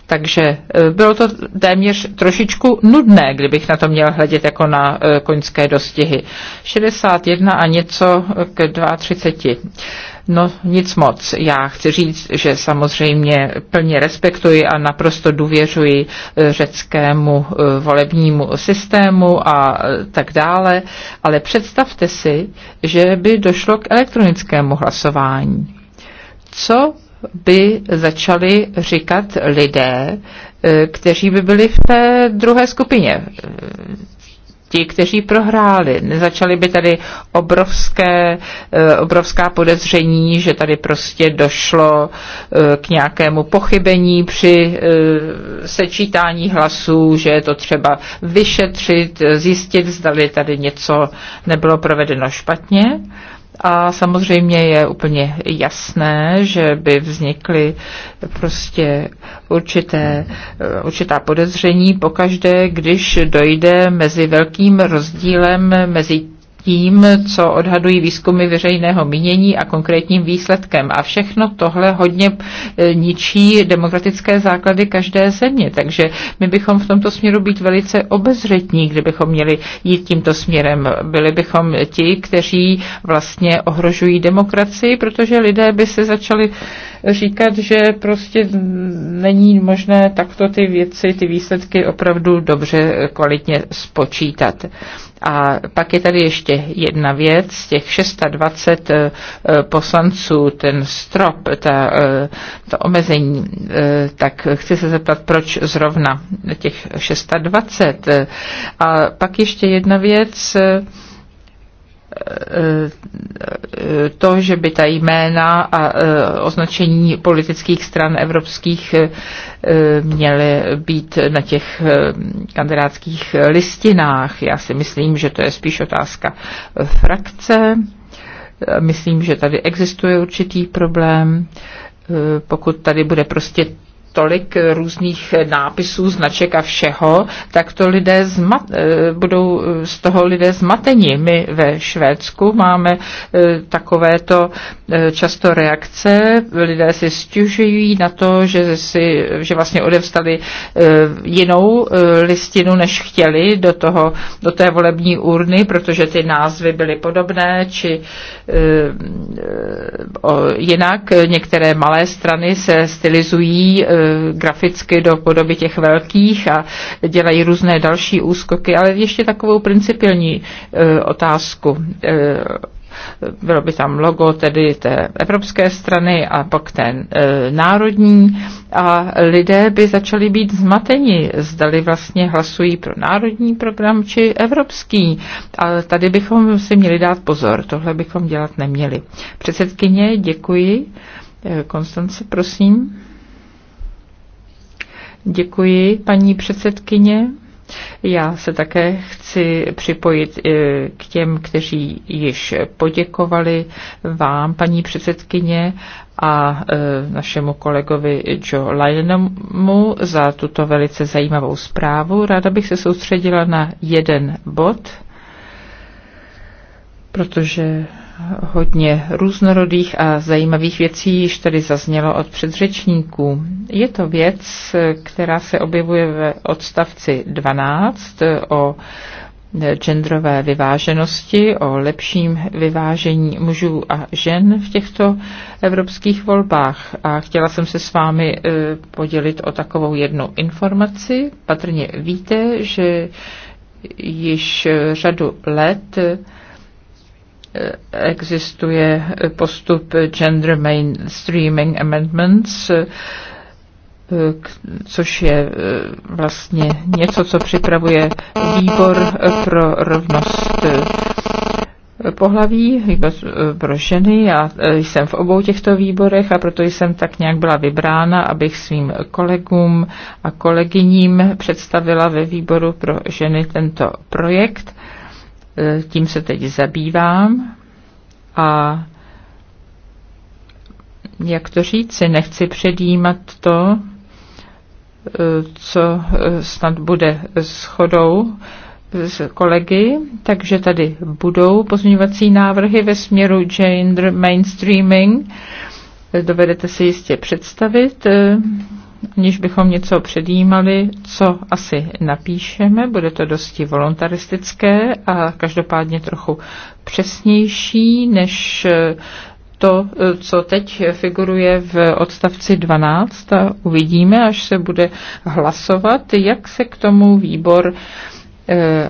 Takže bylo to téměř trošičku nudné, kdybych na to měl hledět jako na koňské dostihy. 61 a něco k 32. No nic moc. Já chci říct, že samozřejmě plně respektuji a naprosto důvěřuji eh, řeckému eh, volebnímu systému a eh, tak dále, ale představte si, že by došlo k elektronickému hlasování. Co by začali říkat lidé, kteří by byli v té druhé skupině, ti, kteří prohráli. Nezačaly by tady obrovské, eh, obrovská podezření, že tady prostě došlo eh, k nějakému pochybení při eh, sečítání hlasů, že je to třeba vyšetřit, zjistit, zda tady něco nebylo provedeno špatně. A samozřejmě je úplně jasné, že by vznikly prostě určité, určitá podezření pokaždé, když dojde mezi velkým rozdílem mezi tím, co odhadují výzkumy veřejného mínění a konkrétním výsledkem. A všechno tohle hodně e, ničí demokratické základy každé země. Takže my bychom v tomto směru být velice obezřetní, kdybychom měli jít tímto směrem. Byli bychom ti, kteří vlastně ohrožují demokracii, protože lidé by se začali říkat, že prostě není možné takto ty věci, ty výsledky opravdu dobře, kvalitně spočítat. A pak je tady ještě jedna věc, z těch 620 eh, poslanců, ten strop, ta, eh, to omezení, eh, tak chci se zeptat, proč zrovna těch 620. A pak ještě jedna věc, to, že by ta jména a e, označení politických stran evropských e, měly být na těch e, kandidátských listinách. Já si myslím, že to je spíš otázka frakce. Myslím, že tady existuje určitý problém. Pokud tady bude prostě tolik eh, různých eh, nápisů, značek a všeho, tak to lidé zmat, eh, budou z toho lidé zmateni. My ve Švédsku máme takovéto často reakce, lidé si stěžují na to, že, si, že vlastně odevstali jinou listinu, než chtěli do, toho, do té volební urny, protože ty názvy byly podobné, či jinak některé malé strany se stylizují Eh, graficky do podoby těch velkých a dělají různé další úskoky, ale ještě takovou principiální eh, otázku eh, bylo by tam logo tedy té evropské strany a pak ten e, národní a lidé by začali být zmateni, zdali vlastně hlasují pro národní program či evropský. A tady bychom si měli dát pozor, tohle bychom dělat neměli. Předsedkyně, děkuji. Konstance, prosím. Děkuji, paní předsedkyně. Já se také chci připojit eh, k těm, kteří již poděkovali vám, paní předsedkyně, a eh, našemu kolegovi Joe Lynemu za tuto velice zajímavou zprávu. Ráda bych se soustředila na jeden bod, protože hodně různorodých a zajímavých věcí již tady zaznělo od předřečníků. Je to věc, která se objevuje v odstavci 12 o genderové vyváženosti, o lepším vyvážení mužů a žen v těchto evropských volbách. A chtěla jsem se s vámi e, podělit o takovou jednu informaci. Patrně víte, že již řadu let existuje postup Gender Mainstreaming Amendments, což je eh, vlastně něco, co připravuje výbor pro rovnost eh, pohlaví eh, pro ženy. Já jsem v obou těchto výborech a proto jsem tak nějak byla vybrána, abych svým kolegům a kolegyním představila ve výboru pro ženy tento projekt. E, tím se teď zabývám a jak to říci, nechci předjímat to, e, co e, snad bude schodou s kolegy, takže tady budou pozměňovací návrhy ve směru gender mainstreaming. Dovedete si jistě představit, aniž bychom něco předjímali, co asi napíšeme. Bude to dosti voluntaristické a každopádně trochu přesnější než eh, to, eh, co teď figuruje v odstavci 12. A uvidíme, až se bude hlasovat, jak se k tomu výbor eh,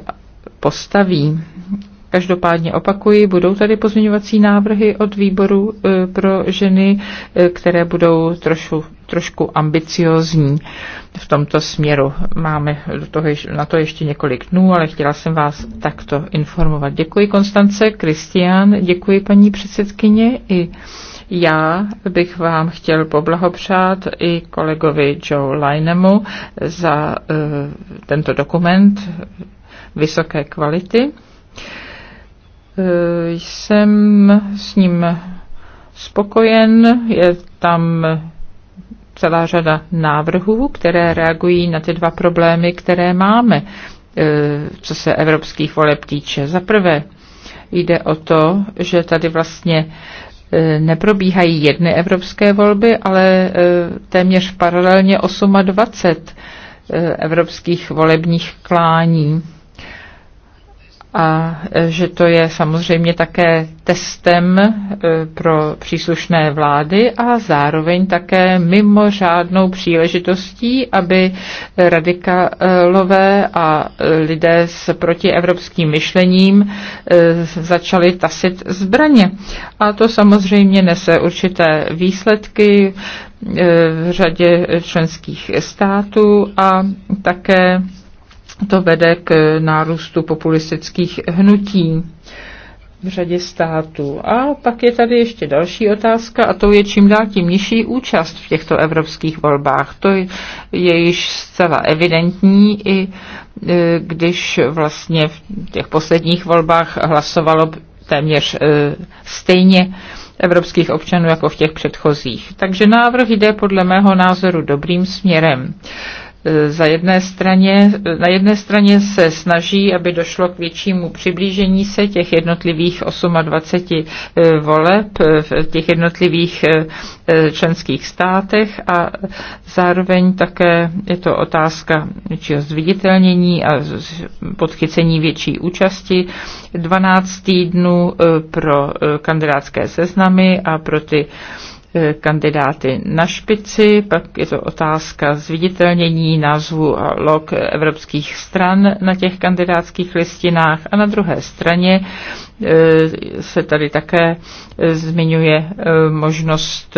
postaví. Každopádně opakuji, budou tady pozměňovací návrhy od výboru pro ženy, které budou trošku trošku ambiciozní v tomto směru. Máme do toho, na to ještě několik dnů, ale chtěla jsem vás takto informovat. Děkuji Konstance, Kristián, děkuji paní předsedkyně i já bych vám chtěl poblahopřát i kolegovi Joe Linemu za eh, tento dokument vysoké kvality. Eh, jsem s ním spokojen, je tam celá řada návrhů, které reagují na ty dva problémy, které máme, e, co se evropských voleb týče. Za prvé jde o to, že tady vlastně e, neprobíhají jedny evropské volby, ale e, téměř paralelně 28 evropských volebních klání a e, že to je samozřejmě také testem e, pro příslušné vlády a zároveň také mimořádnou příležitostí, aby radikálové a e, lidé s protievropským myšlením začali tasit zbraně. A to samozřejmě nese určité výsledky v řadě členských států a také to vede k nárůstu populistických hnutí v řadě států. A pak je tady ještě další otázka a to je čím dál tím nižší účast v těchto evropských volbách. To je již zcela evidentní i e, když vlastně v těch posledních volbách hlasovalo téměř e, stejně evropských občanů jako v těch předchozích. Takže návrh jde podle mého názoru dobrým směrem. Eh, za jedné straně, na jedné straně se snaží, aby došlo k většímu přiblížení se těch jednotlivých 28 eh, voleb eh, v těch jednotlivých členských státech a zároveň také je to otázka většího zviditelnění a podchycení větší účasti. 12 týdnů pro kandidátské seznamy a pro ty E, kandidáty na špici, pak je to otázka zviditelnění názvu a log evropských stran na těch kandidátských listinách a na druhé straně e, se tady také e, zmiňuje možnost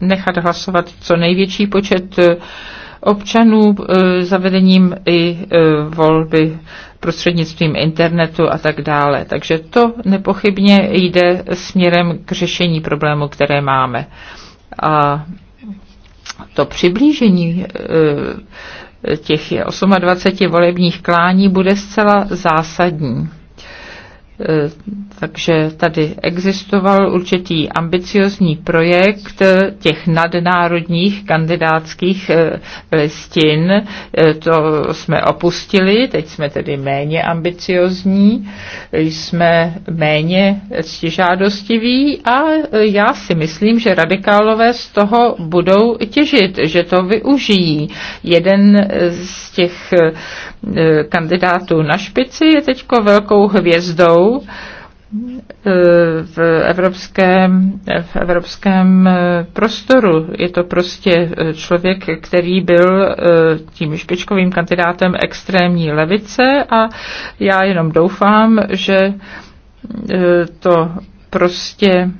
nechat hlasovat co největší počet občanů zavedením i volby prostřednictvím internetu a tak dále. Takže to nepochybně jde směrem k řešení problému, které máme. A to přiblížení e, těch 28 volebních klání bude zcela zásadní. Eh, takže tady existoval určitý ambiciozní projekt eh, těch nadnárodních kandidátských eh, listin. To jsme opustili, teď jsme tedy méně ambiciozní, jsme méně ctižádostiví a já si myslím, že radikálové z toho budou těžit, že to využijí. Jeden z těch kandidátů na špici je teď velkou hvězdou v evropském, v eh, evropském prostoru. Je to prostě eh, člověk, který byl eh, tím špičkovým kandidátem extrémní levice a já jenom doufám, že to prostě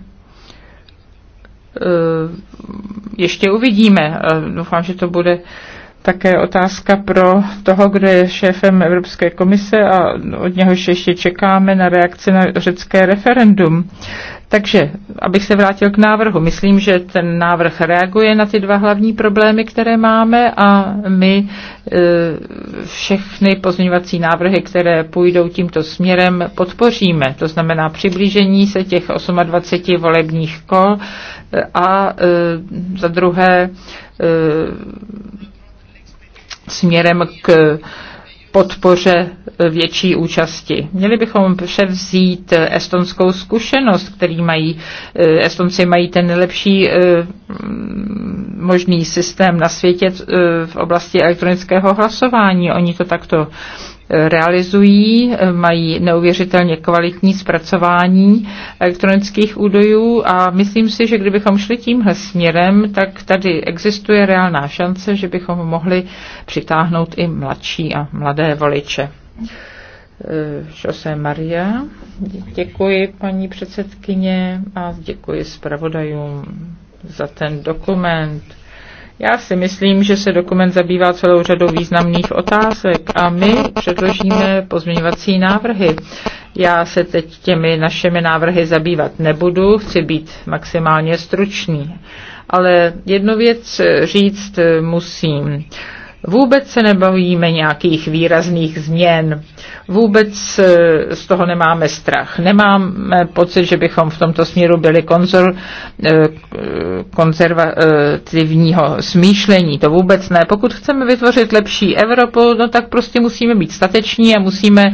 ještě uvidíme. Doufám, že to bude také otázka pro toho, kdo je šéfem Evropské komise a od něhož ještě čekáme na reakci na řecké referendum. Takže, abych se vrátil k návrhu, myslím, že ten návrh reaguje na ty dva hlavní problémy, které máme a my e, všechny pozměňovací návrhy, které půjdou tímto směrem, podpoříme. To znamená přiblížení se těch 28 volebních kol e, a e, za druhé směrem k podpoře větší účasti. Měli bychom převzít eh, estonskou zkušenost, který mají, eh, Estonci mají ten nejlepší eh, mm, možný systém na světě v oblasti elektronického hlasování. Oni to takto realizují, mají neuvěřitelně kvalitní zpracování elektronických údajů a myslím si, že kdybychom šli tímhle směrem, tak tady existuje reálná šance, že bychom mohli přitáhnout i mladší a mladé voliče. Eh, Jose Maria. Děkuji paní předsedkyně a děkuji zpravodajům za ten dokument. Já si myslím, že se dokument zabývá celou řadou významných otázek a my předložíme pozměňovací návrhy. Já se teď těmi našimi návrhy zabývat nebudu, chci být maximálně stručný. Ale jednu věc říct musím. Vůbec se nebojíme nějakých výrazných změn, vůbec eh, z toho nemáme strach, nemáme pocit, že bychom v tomto směru byli konzor, eh, konzervativního smýšlení, to vůbec ne. Pokud chceme vytvořit lepší Evropu, no tak prostě musíme být stateční a musíme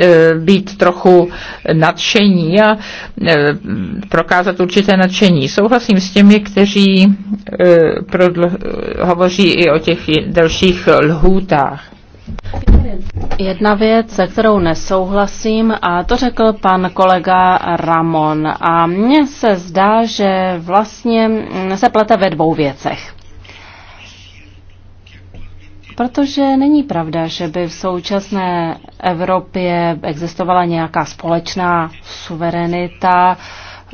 eh, být trochu nadšení a prokázat určité nadšení. Souhlasím s těmi, kteří hovoří i o těch dalších dalších eh, lhůtách. Jedna věc, se kterou nesouhlasím, a to řekl pan kolega Ramon. A mně se zdá, že vlastně mm, se plete ve dvou věcech. Protože není pravda, že by v současné Evropě existovala nějaká společná suverenita,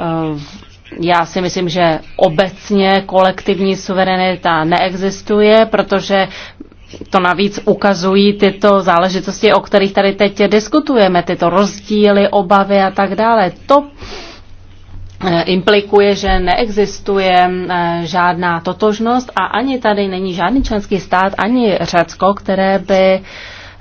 eh, já si myslím, že obecně kolektivní suverenita neexistuje, protože to navíc ukazují tyto záležitosti, o kterých tady teď diskutujeme, tyto rozdíly, obavy a tak dále. To eh, implikuje, že neexistuje eh, žádná totožnost a ani tady není žádný členský stát, ani Řecko, které by uh,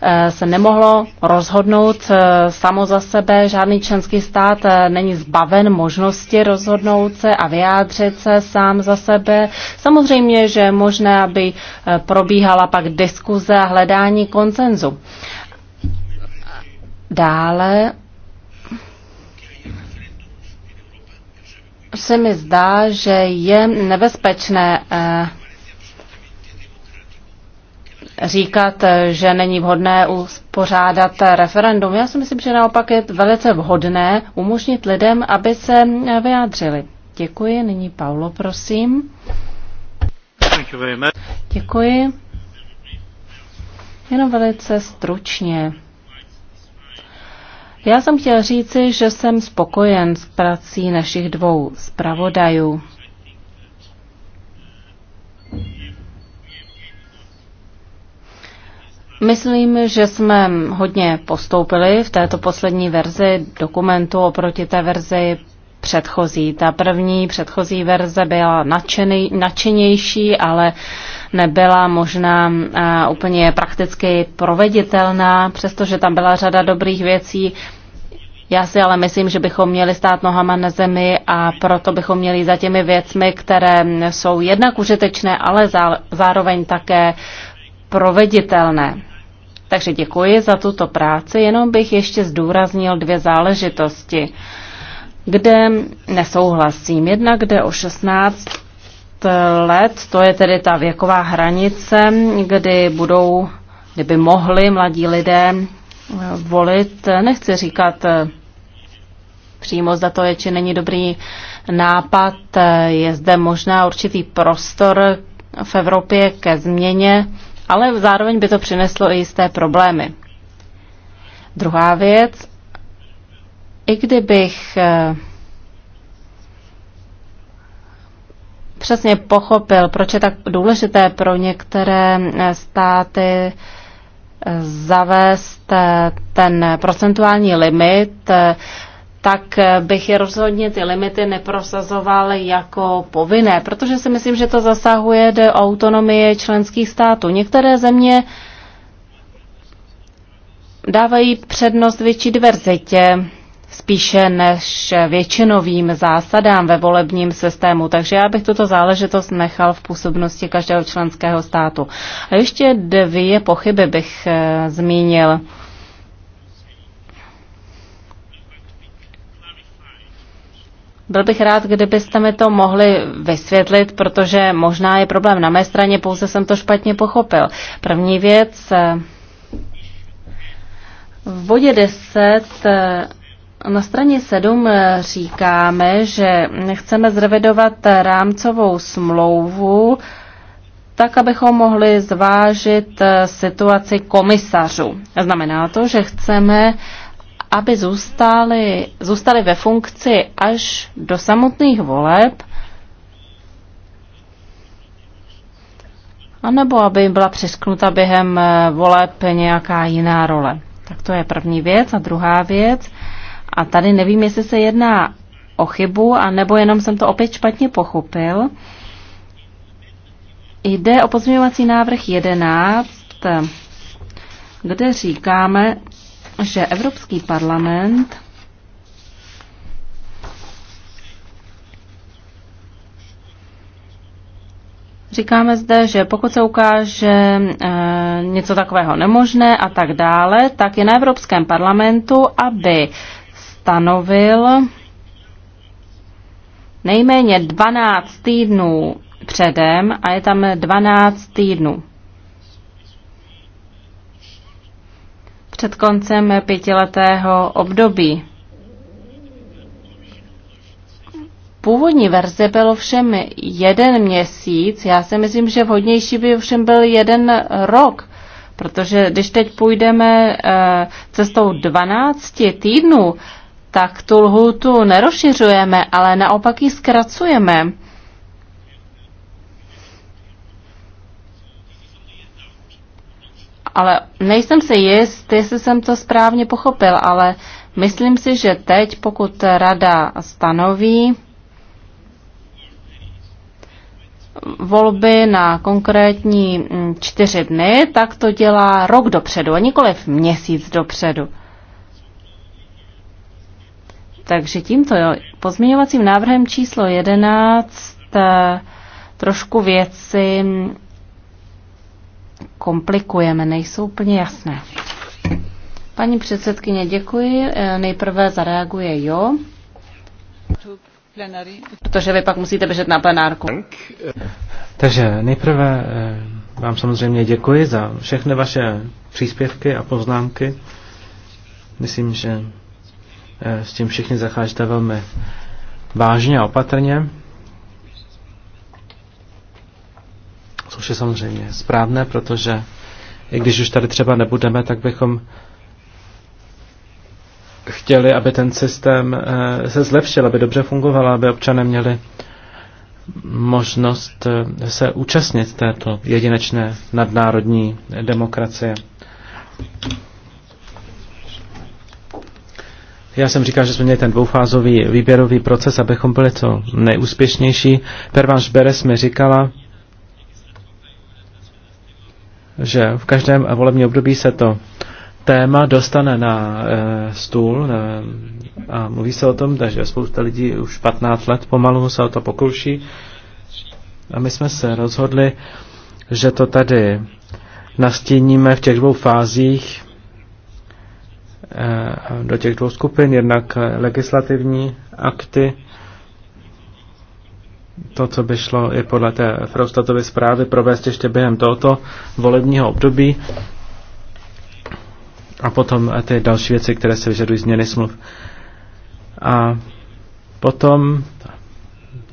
Eh, se nemohlo rozhodnout eh, samo za sebe. Žádný členský stát eh, není zbaven možnosti rozhodnout se a vyjádřit se sám za sebe. Samozřejmě, že je možné, aby probíhala pak diskuze a hledání koncenzu. Dále se mi zdá, že je nebezpečné eh, říkat, že není vhodné uspořádat referendum. Já si myslím, že naopak je velice vhodné umožnit lidem, aby se vyjádřili. Děkuji. Nyní Paulo, prosím. Děkuji. Jenom velice stručně. Já jsem chtěl říci, že jsem spokojen s prací našich dvou zpravodajů. Myslím, že jsme hodně postoupili v této poslední verzi dokumentu oproti té verzi předchozí. Ta první předchozí verze byla nadšenější, ale nebyla možná úplně prakticky proveditelná, přestože tam byla řada dobrých věcí. Já si ale myslím, že bychom měli stát nohama na zemi a proto bychom měli za těmi věcmi, které jsou jednak užitečné, ale zároveň také proveditelné. Takže děkuji za tuto práci, jenom bych ještě zdůraznil dvě záležitosti, kde nesouhlasím. Jednak kde o 16 let, to je tedy ta věková hranice, kdy budou, kdyby mohli mladí lidé eh, volit, nechci říkat eh, přímo, zda to je, či není dobrý nápad. Eh, je zde možná určitý prostor v Evropě ke změně ale zároveň by to přineslo i jisté problémy. Druhá věc, i kdybych eh, přesně pochopil, proč je tak důležité pro některé eh, státy eh, zavést ten procentuální limit, tak eh, bych je rozhodně ty limity neprosazoval jako povinné, protože si myslím, že to zasahuje do autonomie členských států. Některé země dávají přednost větší diverzitě spíše než většinovým zásadám ve volebním systému. Takže já bych tuto záležitost nechal v působnosti každého členského státu. A ještě dvě pochyby bych eh, zmínil. Byl bych rád, kdybyste mi to mohli vysvětlit, protože možná je problém na mé straně, pouze jsem to špatně pochopil. První věc, eh, v bodě 10 eh, na straně 7 eh, říkáme, že chceme zrevidovat rámcovou smlouvu tak, abychom mohli zvážit situaci komisařů. Znamená to, že chceme aby zůstali, zůstali ve funkci až do samotných voleb, anebo aby byla přesknuta během eh, voleb nějaká jiná role. Tak to je první věc. A druhá věc, a tady nevím, jestli se jedná o chybu, anebo jenom jsem to opět špatně pochopil, jde o pozměňovací návrh 11, kde říkáme, že Evropský parlament Říkáme zde, že pokud se ukáže e, něco takového nemožné a tak dále, tak je na Evropském parlamentu, aby stanovil nejméně 12 týdnů předem a je tam 12 týdnů. před koncem pětiletého období. Původní verze byl všem jeden měsíc, já si myslím, že vhodnější by všem byl jeden rok, protože když teď půjdeme eh, cestou 12 týdnů, tak tu lhůtu nerozšiřujeme, ale naopak ji zkracujeme. ale nejsem si jist, jestli jsem to správně pochopil, ale myslím si, že teď, pokud rada stanoví volby na konkrétní mm, čtyři dny, tak to dělá rok dopředu a nikoliv měsíc dopředu. Takže tímto jo, pozměňovacím návrhem číslo 11 eh, trošku věci mm, komplikujeme, nejsou úplně jasné. Paní předsedkyně, děkuji. E, nejprve zareaguje jo, protože vy pak musíte běžet na plenárku. Takže nejprve e, vám samozřejmě děkuji za všechny vaše příspěvky a poznámky. Myslím, že e, s tím všichni zacházíte velmi vážně a opatrně. což je samozřejmě správné, protože i když už tady třeba nebudeme, tak bychom chtěli, aby ten systém eh, se zlepšil, aby dobře fungoval, aby občané měli možnost eh, se účastnit této jedinečné nadnárodní demokracie. Já jsem říkal, že jsme měli ten dvoufázový výběrový proces, abychom byli co nejúspěšnější. Pervanš Beres mi říkala, že v každém volebním období se to téma dostane na e, stůl e, a mluví se o tom, že spousta lidí už 15 let pomalu se o to pokouší. A my jsme se rozhodli, že to tady nastíníme v těch dvou fázích e, do těch dvou skupin, jednak legislativní akty to, co by šlo i podle té Frostatovy zprávy provést ještě během tohoto volebního období a potom ty další věci, které se vyžadují změny smluv. A potom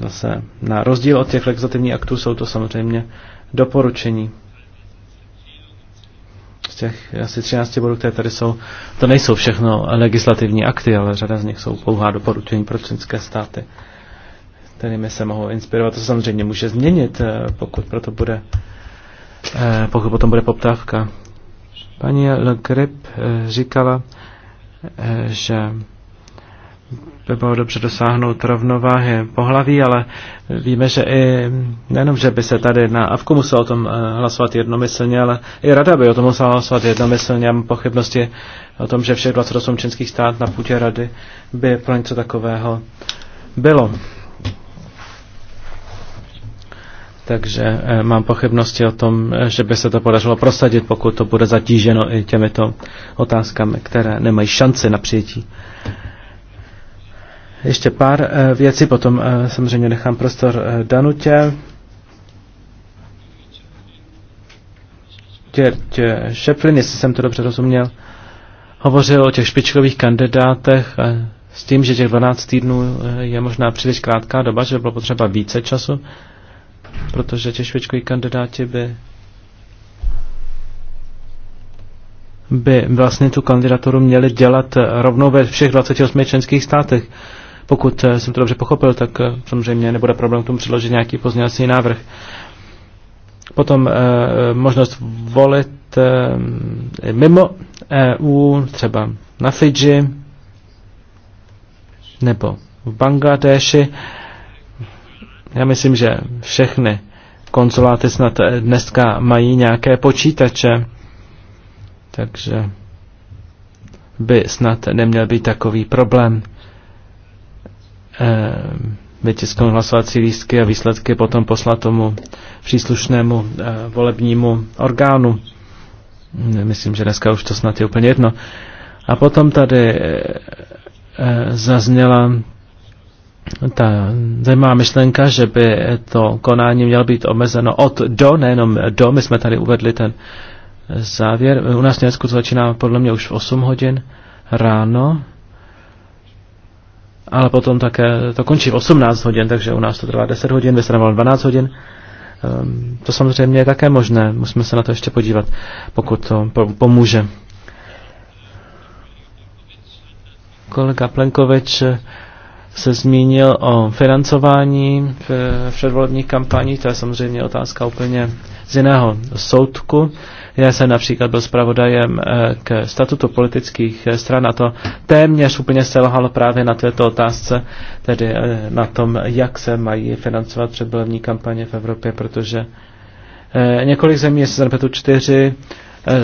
zase na rozdíl od těch legislativních aktů jsou to samozřejmě doporučení. Z těch asi 13 bodů, které tady jsou, to nejsou všechno legislativní akty, ale řada z nich jsou pouhá doporučení pro členské státy kterými se mohou inspirovat. To se samozřejmě může změnit, eh, pokud proto bude, eh, pokud potom bude poptávka. Paní Le Grip eh, říkala, že by bylo dobře dosáhnout rovnováhy pohlaví, ale víme, že i nejenom, že by se tady na Avku muselo o tom hlasovat jednomyslně, ale i Rada by o tom musela hlasovat jednomyslně. Já mám pochybnosti o tom, že všech 28 členských stát na půdě Rady by pro něco takového bylo. takže eh, mám pochybnosti o tom, eh, že by se to podařilo prosadit, pokud to bude zatíženo i těmito otázkami, které nemají šanci na přijetí. Ještě pár eh, věcí, potom samozřejmě nechám prostor Danutě. Těrť Šeplin, jestli jsem to dobře rozuměl, hovořil o těch špičkových kandidátech s tím, že těch 12 týdnů je možná příliš krátká doba, že by bylo potřeba více času protože ti kandidáti by by vlastně tu kandidaturu měli dělat rovnou ve všech 28 členských státech. Pokud eh, jsem to dobře pochopil, tak eh, samozřejmě nebude problém k tomu předložit nějaký pozměňovací návrh. Potom eh, možnost volit eh, mimo EU, třeba na Fidži nebo v Bangladeši. Eh, já myslím, že všechny konzuláty snad eh, dneska mají nějaké počítače, takže by snad neměl být takový problém e, vytisknout hlasovací lístky a výsledky potom poslat tomu příslušnému e, volebnímu orgánu. Myslím, že dneska už to snad je úplně jedno. A potom tady e, zazněla ta zajímavá myšlenka, že by to konání mělo být omezeno od do, nejenom do, my jsme tady uvedli ten závěr. U nás v Německu to začíná podle mě už v 8 hodin ráno, ale potom také to končí v 18 hodin, takže u nás to trvá 10 hodin, vy jste 12 hodin. Ehm, to samozřejmě je také možné, musíme se na to ještě podívat, pokud to pomůže. Kolega Plenkovič se zmínil o financování v předvolebních kampaní, to je samozřejmě otázka úplně z jiného soudku. Já jsem například byl zpravodajem eh, k statutu politických eh, stran a to téměř úplně selhalo právě na této otázce, tedy eh, na tom, jak se mají financovat předvolební kampaně v Evropě, protože několik zemí, jestli se čtyři,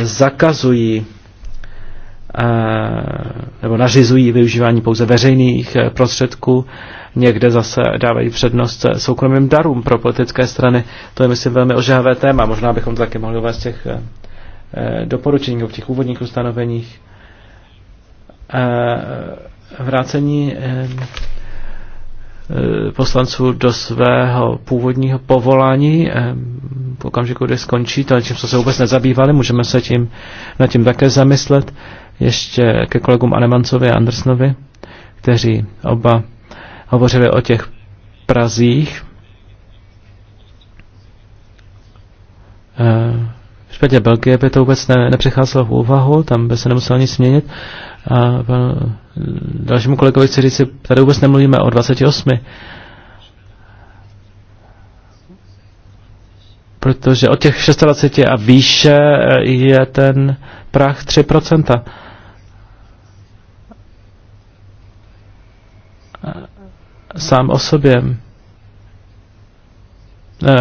zakazují Eh, nebo nařizují využívání pouze veřejných eh, prostředků, někde zase dávají přednost eh, soukromým darům pro politické strany. To je, myslím, velmi ožávé téma. Možná bychom to taky mohli uvést těch doporučení, v těch úvodních ustanoveních. Vrácení poslanců do svého původního povolání v okamžiku, kdy skončí, to, čím jsme se vůbec nezabývali, můžeme se tím, nad tím také zamyslet ještě ke kolegům Anemancovi a Andersnovi, kteří oba hovořili o těch Prazích. Eh, v případě Belgie by to vůbec ne, nepřicházelo v úvahu, tam by se nemuselo nic změnit. A dalšímu kolegovi chci říct, tady vůbec nemluvíme o 28. Protože od těch 26 a výše je ten prach 3%. sám o sobě.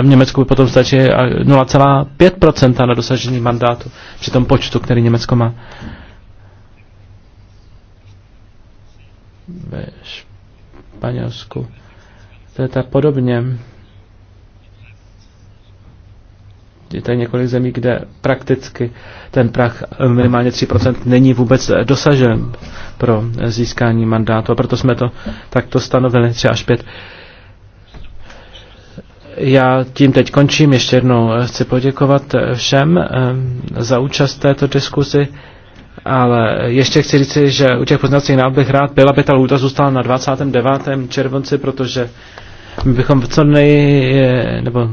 V Německu potom stačí 0,5% na dosažení mandátu při tom počtu, který Německo má. Ve Španělsku. To je tak podobně. je tady několik zemí, kde prakticky ten prach minimálně 3% není vůbec dosažen pro získání mandátu a proto jsme to takto stanovili 3 až 5. Já tím teď končím. Ještě jednou chci poděkovat všem ehm, za účast této diskuzi, ale ještě chci říct, že u těch poznacích návrhů bych rád byla, aby ta lůta zůstala na 29. červenci, protože my bychom co nej, nebo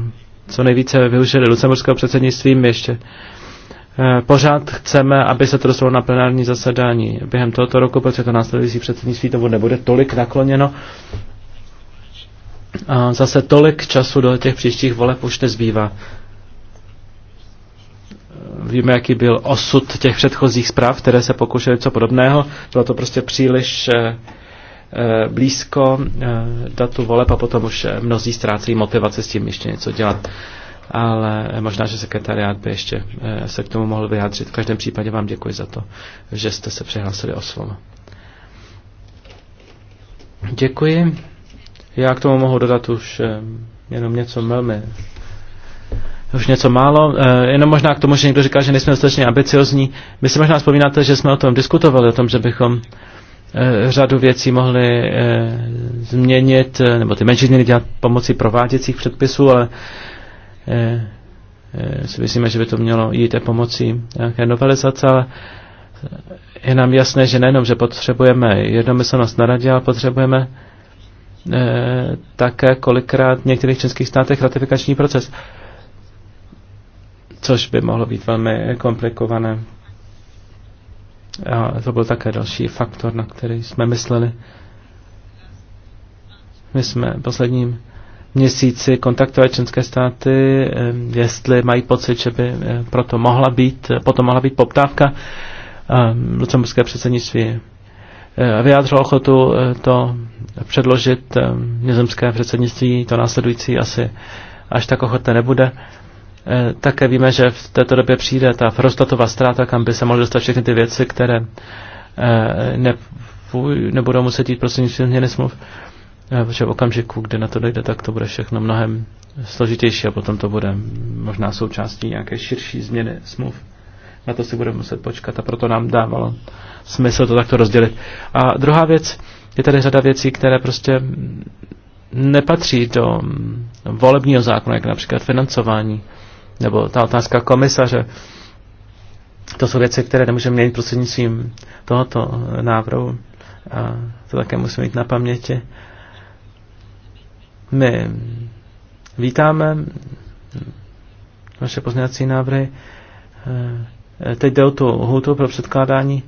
co nejvíce využili lucemburského předsednictví. My ještě eh, pořád chceme, aby se to dostalo na plenární zasedání během tohoto roku, protože to následující předsednictví tomu nebude tolik nakloněno. A zase tolik času do těch příštích voleb už nezbývá. Víme, jaký byl osud těch předchozích zpráv, které se pokoušely co podobného. Bylo to prostě příliš eh, Eh, blízko eh, datu voleb a potom už eh, mnozí ztrácejí motivaci s tím ještě něco dělat. Ale možná, že sekretariát by ještě se k tomu mohl vyjádřit. V každém případě vám děkuji za to, že jste se přihlásili o slovo. Děkuji. Já k tomu mohu dodat už jenom něco velmi už něco málo, jenom možná k tomu, že někdo říká, že nejsme dostatečně ambiciozní. Vy si možná vzpomínáte, že jsme o tom diskutovali, o tom, že bychom Eh, řadu věcí mohli eh, změnit, eh, nebo ty menší změny dělat pomocí prováděcích předpisů, ale si myslíme, že by to mělo jít pomocí nějaké novelizace, ale je nám jasné, že nejenom, že potřebujeme jednomyslnost na radě, ale potřebujeme také kolikrát v některých českých státech ratifikační proces, což by mohlo být velmi komplikované. A to byl také další faktor, na který jsme mysleli. My jsme v posledním měsíci kontaktovali členské státy, eh, jestli mají pocit, že by eh, proto mohla být, eh, potom mohla být poptávka. Lucemburské předsednictví vyjádřilo ochotu to předložit nizemské předsednictví, to následující asi až tak ochotné nebude. Eh, také víme, že v této době přijde ta frostatová ztráta, kam by se mohly dostat všechny ty věci, které eh, ne, nebudou muset jít prostřednictvím změny smluv. Eh, protože v okamžiku, kdy na to dojde, tak to bude všechno mnohem složitější a potom to bude možná součástí nějaké širší změny smluv. Na to si budeme muset počkat a proto nám dávalo smysl to takto rozdělit. A druhá věc, je tady řada věcí, které prostě nepatří do volebního zákona, jako například financování nebo ta otázka komisaře. To jsou věci, které nemůžeme měnit prostřednictvím tohoto návrhu. A to také musíme mít na paměti. My vítáme vaše pozměňovací návrhy. Eh, teď jde o tu hůtu pro předkládání.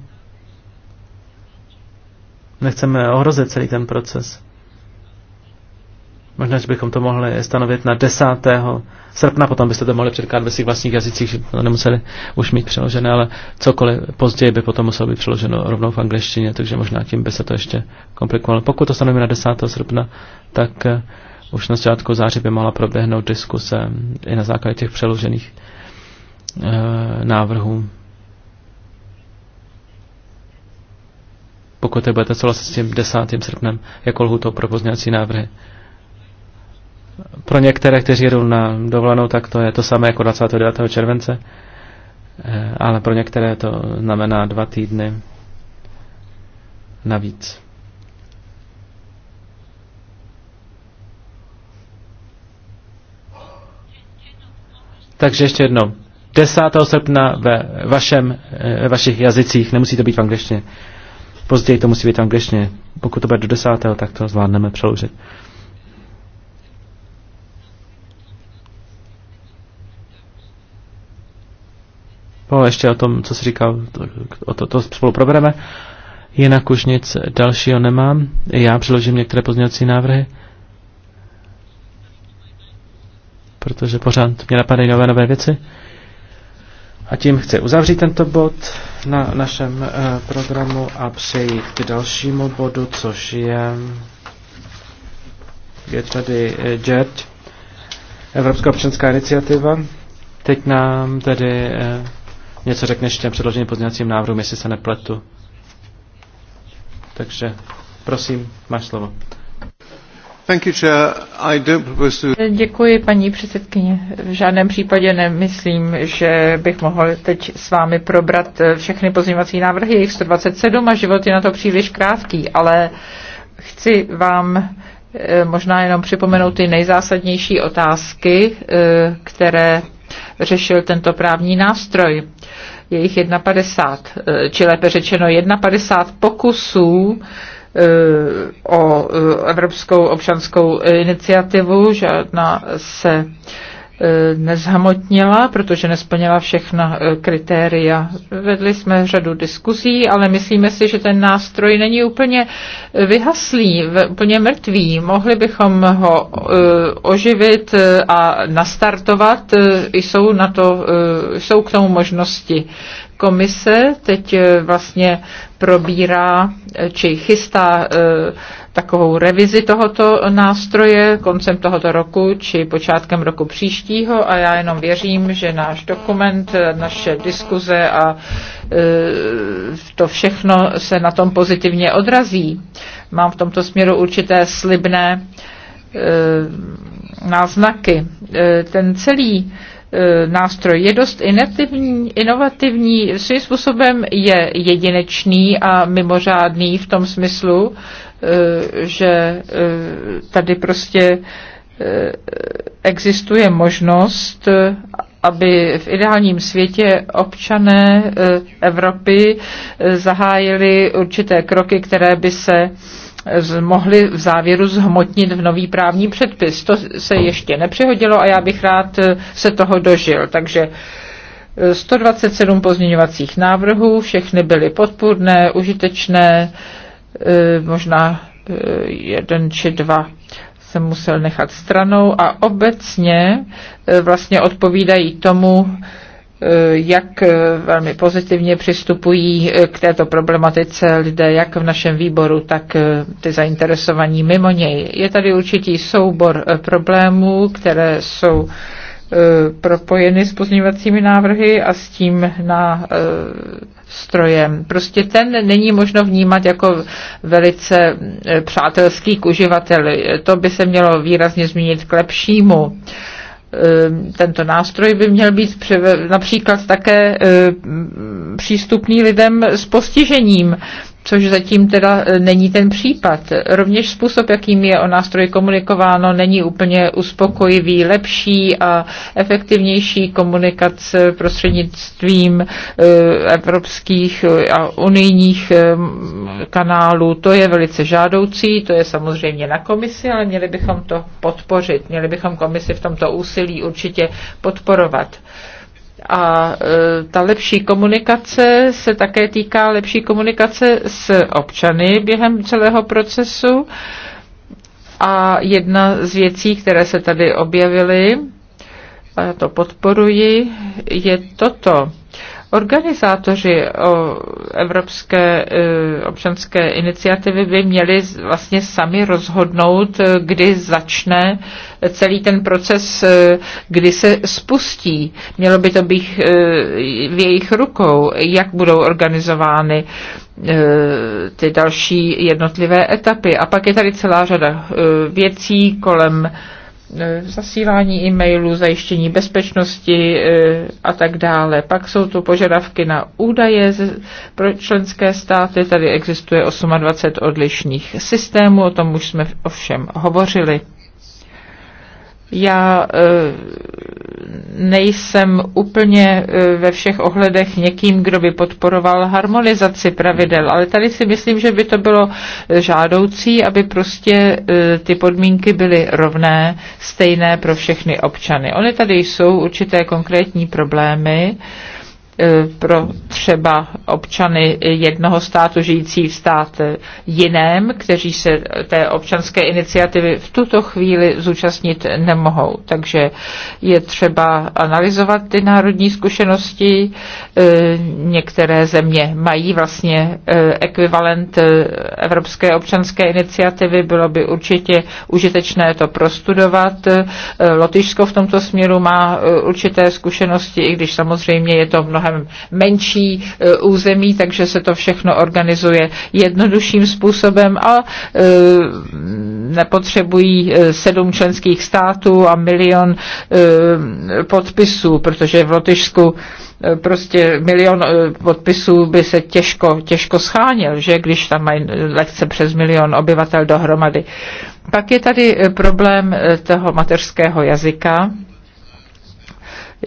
Nechceme ohrozit celý ten proces. Možná, že bychom to mohli stanovit na 10. srpna, potom byste to mohli předkládat ve svých vlastních jazycích, že to nemuseli už mít přeložené, ale cokoliv později by potom muselo být přeloženo rovnou v angličtině, takže možná tím by se to ještě komplikovalo. Pokud to stanovíme na 10. srpna, tak eh, už na začátku září by mohla proběhnout diskuse i na základě těch přeložených e, návrhů. Pokud budete souhlasit s tím 10. srpnem jako lhutou pro pozměňovací návrhy pro některé, kteří jedou na dovolenou, tak to je to samé jako 29. července, eh, ale pro některé to znamená dva týdny navíc. Takže ještě jednou. 10. srpna ve, vašem, eh, ve vašich jazycích, nemusí to být v angličtině. Později to musí být v angličtině. Pokud to bude do 10. tak to zvládneme přeložit. No, ještě o tom, co jsi říkal, to, o to, to spolu probereme. Jinak už nic dalšího nemám. Já přiložím některé pozměňovací návrhy, protože pořád mě napadají nové nové věci. A tím chci uzavřít tento bod na našem eh, programu a přejít k dalšímu bodu, což je, je tady eh, JET, Evropská občanská iniciativa. Teď nám tedy eh, něco řekneš těm předloženým pozměňovacím návrhům, jestli se nepletu. Takže prosím, máš slovo. Děkuji, paní předsedkyně. V žádném případě nemyslím, že bych mohl teď s vámi probrat eh, všechny pozměňovací návrhy, jejich 127 a život je na to příliš krátký, ale chci vám eh, možná jenom připomenout ty nejzásadnější otázky, eh, které řešil tento právní nástroj. Je jich 51, eh, či lépe řečeno 51 pokusů eh, o eh, Evropskou občanskou iniciativu, žádná se E, nezhamotnila, protože nesplnila všechna e, kritéria. Vedli jsme řadu diskuzí, ale myslíme si, že ten nástroj není úplně vyhaslý, úplně mrtvý. Mohli bychom ho e, oživit a nastartovat. Jsou, na to, jsou k tomu možnosti. Komise teď vlastně probírá či chystá takovou revizi tohoto nástroje koncem tohoto roku či počátkem roku příštího a já jenom věřím, že náš dokument, naše diskuze a e, to všechno se na tom pozitivně odrazí. Mám v tomto směru určité slibné e, náznaky. E, ten celý E, nástroj je dost inovativní, inovativní, svým způsobem je jedinečný a mimořádný v tom smyslu, e, že e, tady prostě existuje možnost, aby v ideálním světě občané Evropy zahájili určité kroky, které by se mohli v závěru zhmotnit v nový právní předpis. To se ještě nepřihodilo a já bych rád eh, se toho dožil. Takže 127 eh, pozměňovacích návrhů, všechny byly podpůrné, užitečné, eh, možná jeden či dva jsem musel nechat stranou a obecně vlastně odpovídají tomu, Eh, jak eh, velmi pozitivně přistupují eh, k této problematice lidé jak v našem výboru, tak ty zainteresovaní mimo něj. Je tady určitý soubor problémů, které jsou propojeny s pozměňovacími návrhy a s tím na strojem. Prostě ten není možno vnímat jako velice přátelský k uživateli. To by se mělo výrazně změnit k lepšímu. Ehm, tento nástroj by měl být například také ehm, přístupný lidem s postižením což zatím teda e, není ten případ. Rovněž způsob, jakým je o nástroji komunikováno, není úplně uspokojivý, lepší a efektivnější komunikace prostřednictvím e, evropských e, a unijních kanálů. To je velice žádoucí, to je samozřejmě na komisi, ale měli bychom to podpořit, měli bychom komisi v tomto úsilí určitě podporovat. A e, ta lepší komunikace se také týká lepší komunikace s občany během celého procesu. A jedna z věcí, které se tady objevily, a já to podporuji, je toto. Organizátoři Evropské e, občanské iniciativy by měli vlastně sami rozhodnout, e, kdy začne celý ten proces, e, kdy se spustí. Mělo by to být v jejich rukou, jak budou organizovány ty další jednotlivé etapy. A pak je tady celá řada věcí kolem E, zasílání e-mailů, zajištění bezpečnosti e, a tak dále. Pak jsou tu požadavky na údaje pro členské státy. Tady existuje 28 odlišných systémů, o tom už jsme ovšem hovořili. Já eh, nejsem úplně eh, ve všech ohledech někým, kdo by podporoval harmonizaci pravidel, ale tady si myslím, že by to bylo eh, žádoucí, aby prostě ty podmínky byly rovné, stejné pro všechny občany. Ony tady jsou určité konkrétní problémy, E, pro třeba občany jednoho státu žijící v stát jiném, kteří se té občanské iniciativy v tuto chvíli zúčastnit nemohou. Takže je třeba analyzovat ty národní zkušenosti. E, některé země mají vlastně e, ekvivalent Evropské občanské iniciativy. Bylo by určitě užitečné to prostudovat. Lotyšsko v tomto směru má určité zkušenosti, i když samozřejmě je to mnoho mnohem menší e, území, takže se to všechno organizuje jednodušším způsobem a e, nepotřebují e, sedm členských států a milion podpisů, protože v Lotyšsku prostě milion podpisů by se těžko, těžko schánil, že když tam mají lekce přes milion obyvatel dohromady. Pak je tady problém toho mateřského jazyka.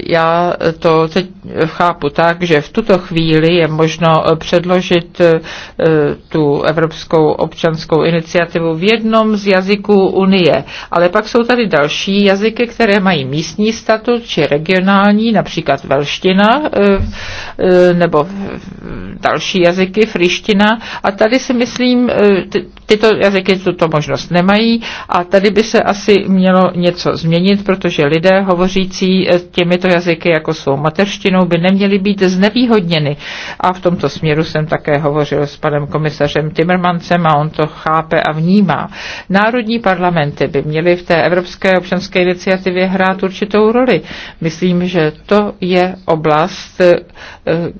Já to teď chápu tak, že v tuto chvíli je možno eh, předložit eh, tu Evropskou občanskou iniciativu v jednom z jazyků Unie. Ale pak jsou tady další jazyky, které mají místní statut či regionální, například velština eh, nebo další jazyky, friština. A tady si myslím, Tyto jazyky tuto možnost nemají a tady by se asi mělo něco změnit, protože lidé hovořící eh, těmito jazyky, jako svou mateřštinou, by neměli být znevýhodněny. A v tomto směru jsem také hovořil s panem komisařem Timmermancem a on to chápe a vnímá. Národní parlamenty by měly v té Evropské občanské iniciativě hrát určitou roli. Myslím, že to je oblast, eh,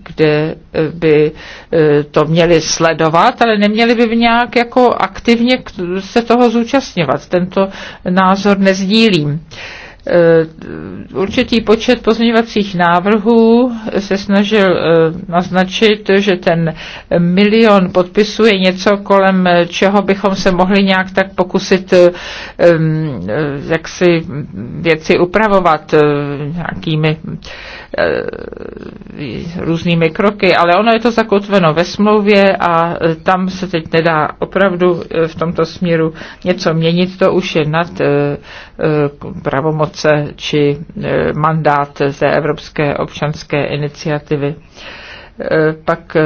kde eh, by to měli sledovat, ale neměli by v nějak jako aktivně se toho zúčastňovat. Tento názor nezdílím. Eh, určitý počet pozměňovacích návrhů se snažil eh, naznačit, že ten milion podpisů je něco, kolem eh, čeho bychom se mohli nějak tak pokusit jak si věci upravovat nějakými různými kroky, ale ono je to zakotveno ve smlouvě a tam se teď nedá opravdu v tomto směru něco měnit, to už je nad pravomoc dozorce či e, mandát té Evropské občanské iniciativy. E, pak e,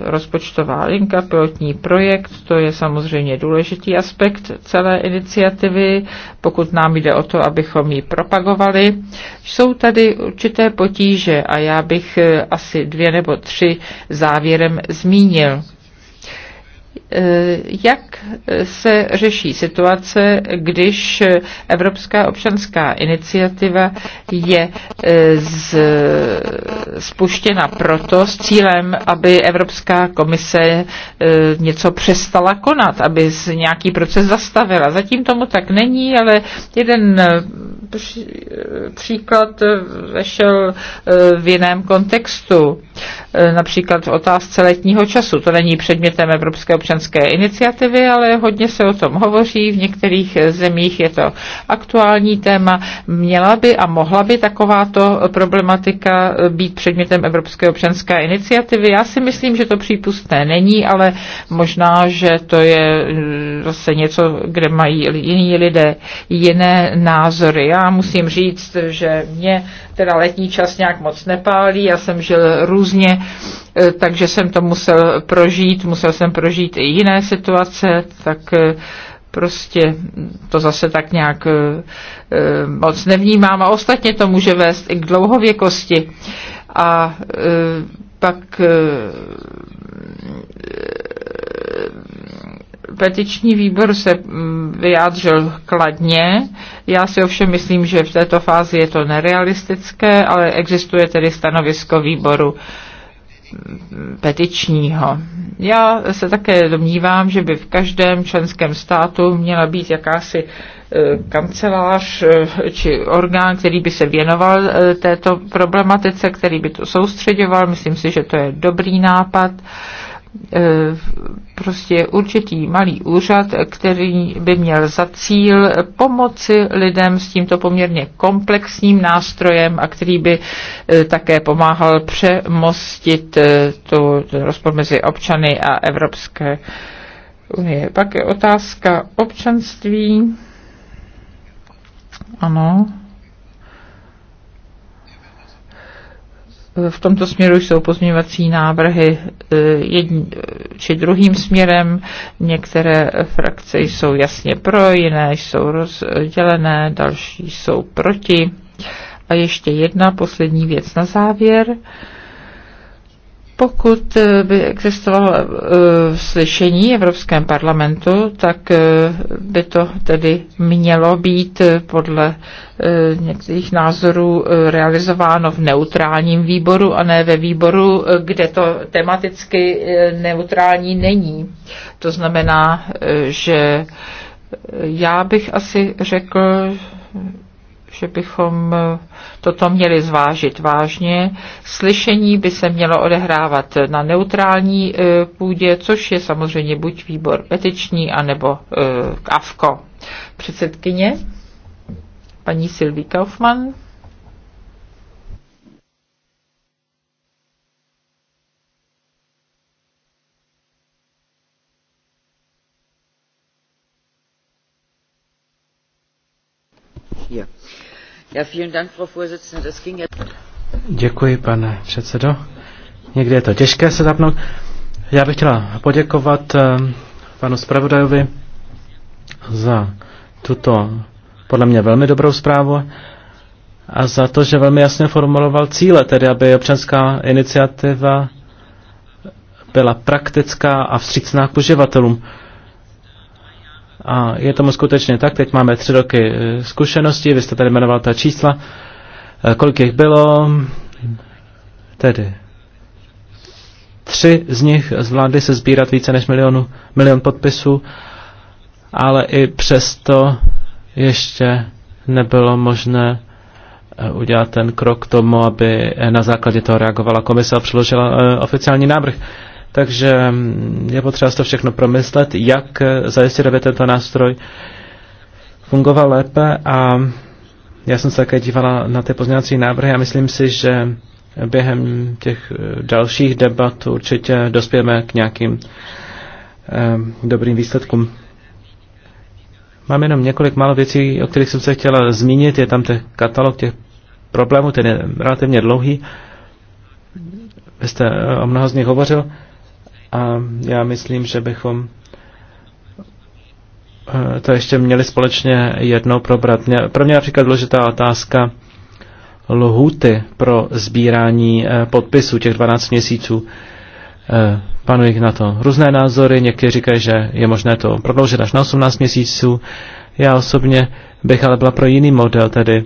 rozpočtová linka, pilotní projekt, to je samozřejmě důležitý aspekt celé iniciativy, pokud nám jde o to, abychom ji propagovali. Jsou tady určité potíže a já bych asi dvě nebo tři závěrem zmínil. Eh, jak se řeší situace, když Evropská občanská iniciativa je eh, z, spuštěna proto s cílem, aby Evropská komise eh, něco přestala konat, aby nějaký proces zastavila. Zatím tomu tak není, ale jeden příklad vešel v jiném kontextu, například v otázce letního času. To není předmětem Evropské občanské občanské iniciativy, ale hodně se o tom hovoří, v některých zemích je to aktuální téma. Měla by a mohla by takováto problematika být předmětem Evropské občanské iniciativy? Já si myslím, že to přípustné není, ale možná, že to je mm, zase něco, kde mají jiní lidé jiné názory. Já musím říct, že mě teda letní čas nějak moc nepálí, já jsem žil různě, e, takže jsem to musel prožít, musel jsem prožít i jiné situace, tak eh, prostě to zase tak nějak eh, eh, moc nevnímám. A ostatně to může vést i k dlouhověkosti. A pak petiční výbor se mm, vyjádřil kladně. Já si ovšem myslím, že v této fázi je to nerealistické, ale existuje tedy stanovisko výboru petičního. Já se také domnívám, že by v každém členském státu měla být jakási e, kancelář e, či orgán, který by se věnoval e, této problematice, který by to soustředoval. Myslím si, že to je dobrý nápad. E, prostě určitý malý úřad, který by měl za cíl pomoci lidem s tímto poměrně komplexním nástrojem a který by e, také pomáhal přemostit e, tu rozpor mezi občany a Evropské unie. Pak je otázka občanství. Ano. V tomto směru jsou pozměňovací návrhy e, jedním e, či druhým směrem. Některé frakce jsou jasně pro, jiné jsou rozdělené, další jsou proti. A ještě jedna poslední věc na závěr. Pokud eh, by existovalo eh, slyšení v Evropském parlamentu, tak eh, by to tedy mělo být podle některých názorů realizováno v neutrálním výboru a ne ve výboru, kde to tematicky neutrální není. To znamená, že já bych asi řekl, že bychom eh, toto měli zvážit vážně. Slyšení by se mělo odehrávat na neutrální eh, půdě, což je samozřejmě buď výbor petiční, anebo eh, AFKO. Předsedkyně, paní Silví Kaufmann. Yeah. Děkuji, pane předsedo. Někdy je to těžké se zapnout. Já bych chtěla poděkovat ehm, panu zpravodajovi za tuto podle mě velmi dobrou zprávu a za to, že velmi jasně formuloval cíle, tedy aby občanská iniciativa byla praktická a vstřícná k uživatelům. A je tomu skutečně tak, teď máme tři roky e, zkušenosti, vy jste tady jmenoval ta čísla, e, kolik jich bylo, tedy tři z nich zvládli se sbírat více než milionu, milion podpisů, ale i přesto ještě nebylo možné e, udělat ten krok k tomu, aby na základě toho reagovala komise a přiložila oficiální návrh. Takže mm, je potřeba to všechno promyslet, jak eh, zajistit, aby tento nástroj fungoval lépe a já jsem se také dívala na ty pozměňovací návrhy a myslím si, že během těch eh, dalších debat určitě dospějeme k nějakým eh, dobrým výsledkům. Mám jenom několik málo věcí, o kterých jsem se chtěla zmínit. Je tam ten katalog těch problémů, ten je relativně dlouhý. Vy jste eh, o mnoho z nich hovořil. Eh, a já myslím, že bychom eh, to ještě měli společně jednou probrat. Pro mě například důležitá otázka lhuty pro sbírání eh, podpisů těch 12 měsíců. Eh, panují na to různé názory, někteří říkají, že je možné to prodloužit až na 18 měsíců. Já osobně bych ale byla pro jiný model, tedy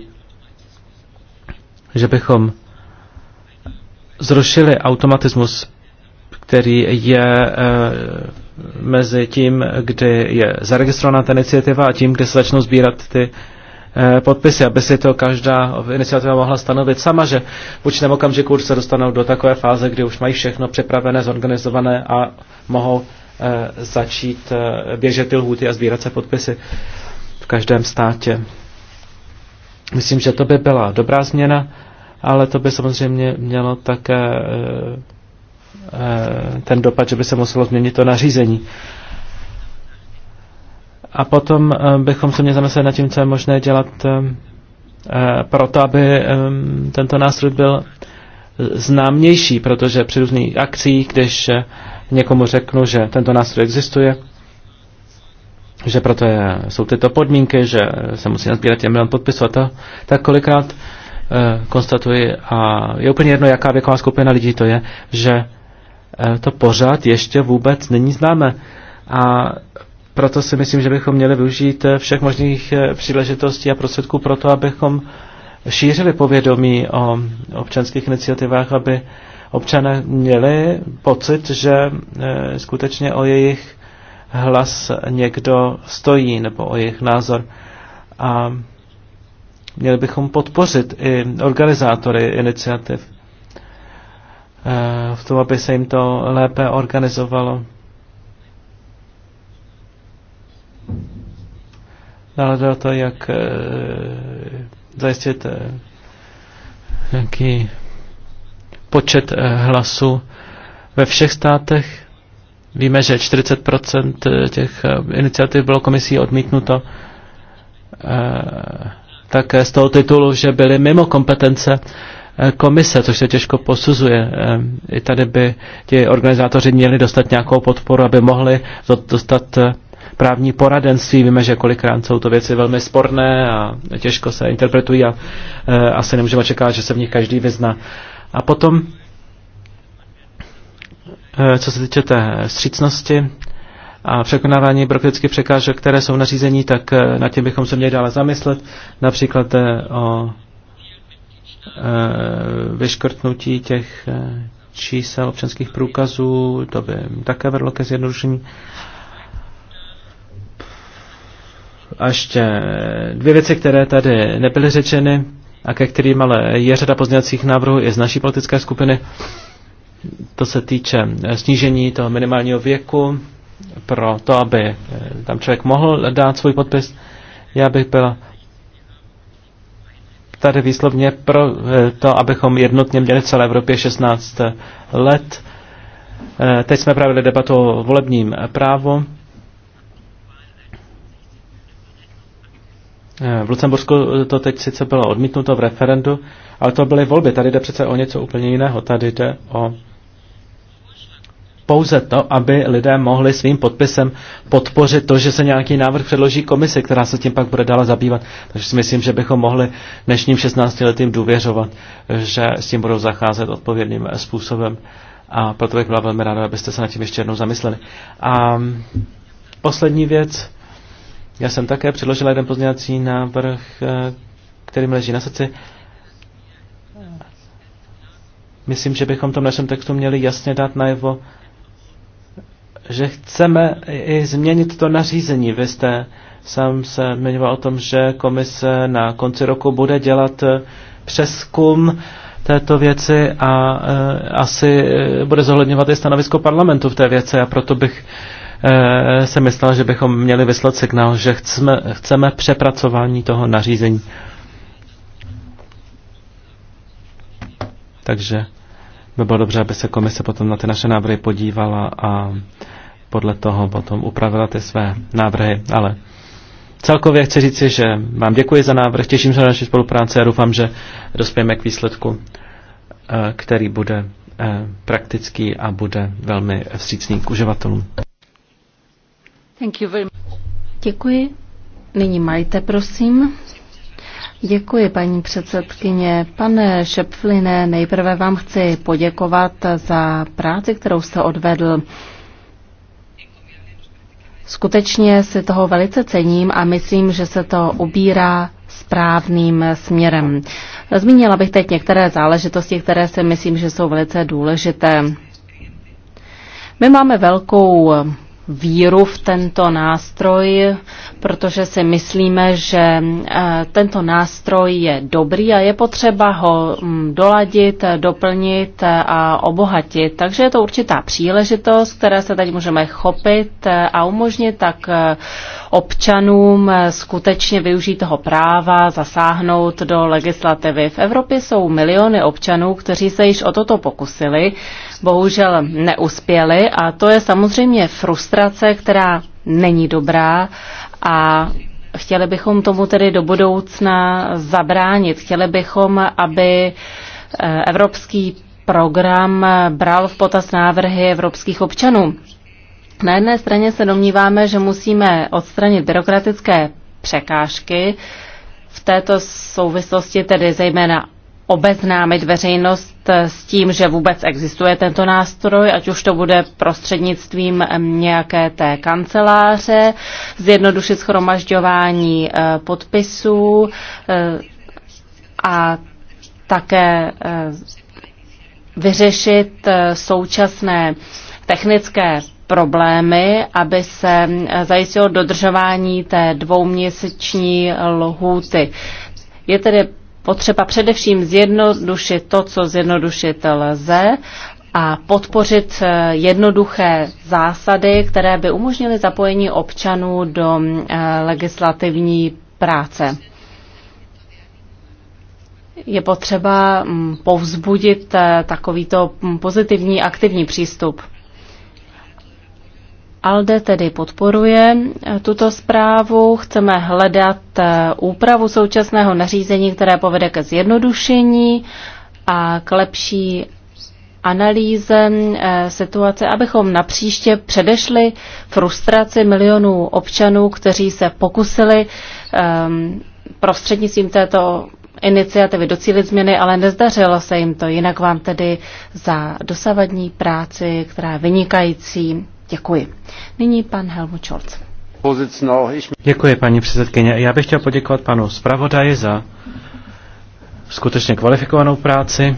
že bychom zrušili automatismus který je eh, mezi tím, kdy je zaregistrovaná ta iniciativa a tím, kdy se začnou sbírat ty eh, podpisy, aby si to každá iniciativa mohla stanovit sama, že v určitém okamžiku se dostanou do takové fáze, kdy už mají všechno připravené, zorganizované a mohou eh, začít běžet ty lhůty a sbírat se podpisy v každém státě. Myslím, že to by byla dobrá změna, ale to by samozřejmě mělo také Eh, ten dopad, že by se muselo změnit to nařízení. A potom eh, bychom se měli zamyslet nad tím, co je možné dělat eh, proto, aby tento nástroj byl známější, protože při různých akcích, když někomu řeknu, že tento nástroj existuje, že proto je, jsou tyto podmínky, že se musí nazbírat těm milion podpisů a to, tak kolikrát e, konstatuji, a je úplně jedno, jaká věková skupina lidí to je, že Eh, to pořád ještě vůbec není známe. A proto si myslím, že bychom měli využít eh, všech možných eh, příležitostí a prostředků pro to, abychom šířili povědomí o občanských iniciativách, aby občané měli pocit, že skutečně o jejich hlas někdo stojí nebo o jejich názor. A měli bychom podpořit i organizátory iniciativ. Eh, v tom, aby se jim to lépe organizovalo. Dále do to, jak eh, zajistit nějaký eh, počet hlasů ve všech státech. Víme, že 40% těch iniciativ bylo komisí odmítnuto také z toho titulu, že byly mimo kompetence Eh, komise, což se těžko posuzuje. Eh, I tady by ti organizátoři měli dostat nějakou podporu, aby mohli dostat eh, právní poradenství. Víme, že kolikrát jsou to věci velmi sporné a těžko se interpretují a asi nemůžeme čekat, že se v nich každý vyzná. A potom, co se týče té střícnosti, a překonávání byrokratických překážek, které jsou nařízení, tak nad tím bychom se měli dále zamyslet. Například o Eh, vyškrtnutí těch eh, čísel občanských průkazů, to by také vedlo ke zjednodušení. A ještě dvě věci, které tady nebyly řečeny a ke kterým ale je řada pozměňovacích návrhů i z naší politické skupiny. To se týče eh, snížení toho minimálního věku pro to, aby tam člověk mohl dát svůj podpis. Já bych byla tady výslovně pro eh, to, abychom jednotně měli v celé Evropě 16 eh, let. Eh, teď jsme pravili debatu o volebním právu. V Lucembursku to teď sice bylo odmítnuto v referendu, ale to byly volby. Tady jde přece o něco úplně jiného. Tady jde o pouze to, aby lidé mohli svým podpisem podpořit to, že se nějaký návrh předloží komise, která se tím pak bude dále zabývat. Takže si myslím, že bychom mohli dnešním 16-letým důvěřovat, že s tím budou zacházet odpovědným způsobem. A proto bych byla velmi ráda, abyste se nad tím ještě jednou zamysleli. A poslední věc. Já jsem také předložila jeden pozměňovací návrh, eh, který mi leží na srdci. Myslím, že bychom tom našem textu měli jasně dát najevo, že chceme i změnit to nařízení. Vy jste sám se zmiňoval o tom, že komise na konci roku bude dělat eh, přeskum této věci a e, asi eh, bude zohledňovat i stanovisko parlamentu v té věci a proto bych e, se myslel, že bychom měli vyslat signál, že chceme, chceme přepracování toho nařízení. Takže by bylo dobře, aby se komise potom na ty naše návrhy podívala a podle toho potom upravila ty své návrhy. Ale celkově chci říci, že vám děkuji za návrh, těším se na naši spolupráci a doufám, že dospějeme k výsledku, eh, který bude eh, praktický a bude velmi vstřícný k uživatelům. Děkuji. Nyní majte, prosím. Děkuji, paní předsedkyně. Pane Šepfline, nejprve vám chci poděkovat za práci, kterou jste odvedl. Skutečně si toho velice cením a myslím, že se to ubírá správným směrem. Zmínila bych teď některé záležitosti, které si myslím, že jsou velice důležité. My máme velkou víru v tento nástroj, protože si myslíme, že eh, tento nástroj je dobrý a je potřeba ho mm, doladit, doplnit a obohatit. Takže je to určitá příležitost, které se teď můžeme chopit eh, a umožnit tak eh, občanům skutečně využít toho práva, zasáhnout do legislativy. V Evropě jsou miliony občanů, kteří se již o toto pokusili bohužel neuspěli a to je samozřejmě frustrace, která není dobrá a chtěli bychom tomu tedy do budoucna zabránit. Chtěli bychom, aby eh, evropský program bral v potaz návrhy evropských občanů. Na jedné straně se domníváme, že musíme odstranit byrokratické překážky, v této souvislosti tedy zejména obeznámit veřejnost s tím, že vůbec existuje tento nástroj, ať už to bude prostřednictvím nějaké té kanceláře, zjednodušit schromažďování eh, podpisů eh, a také eh, vyřešit současné technické problémy, aby se zajistilo dodržování té dvouměsíční lhůty. Je tedy potřeba především zjednodušit to, co zjednodušit lze a podpořit eh, jednoduché zásady, které by umožnily zapojení občanů do eh, legislativní práce. Je potřeba mm, povzbudit eh, takovýto mm, pozitivní, aktivní přístup. ALDE tedy podporuje eh, tuto zprávu. Chceme hledat eh, úpravu současného nařízení, které povede ke zjednodušení a k lepší analýze eh, situace, abychom napříště předešli frustraci milionů občanů, kteří se pokusili ehm, prostřednictvím této iniciativy docílit změny, ale nezdařilo se jim to. Jinak vám tedy za dosavadní práci, která je vynikající, děkuji. Nyní pan Helmut Scholz. Děkuji, paní předsedkyně. Já bych chtěl poděkovat panu zpravodaji za skutečně kvalifikovanou práci.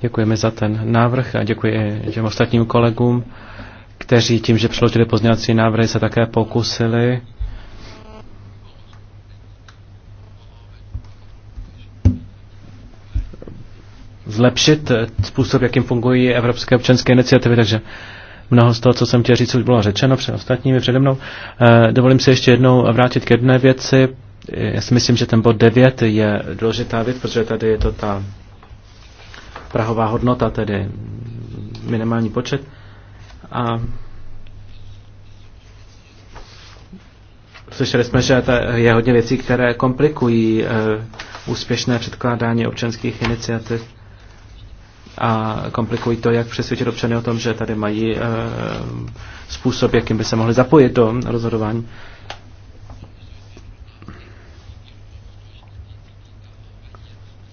Děkujeme za ten návrh a děkuji těm ostatním kolegům, kteří tím, že přiložili pozměňovací návrhy, se také pokusili zlepšit způsob, jakým fungují evropské občanské iniciativy. Takže Mnoho z toho, co jsem chtěl říct, už bylo řečeno před ostatními přede mnou. Eh, dovolím se ještě jednou vrátit k jedné věci. Já si myslím, že ten bod 9 je důležitá věc, protože tady je to ta prahová hodnota, tedy minimální počet. A slyšeli jsme, že je hodně věcí, které komplikují eh, úspěšné předkládání občanských iniciativ a komplikují to, jak přesvědčit občany o tom, že tady mají eh, způsob, jakým by se mohli zapojit do rozhodování.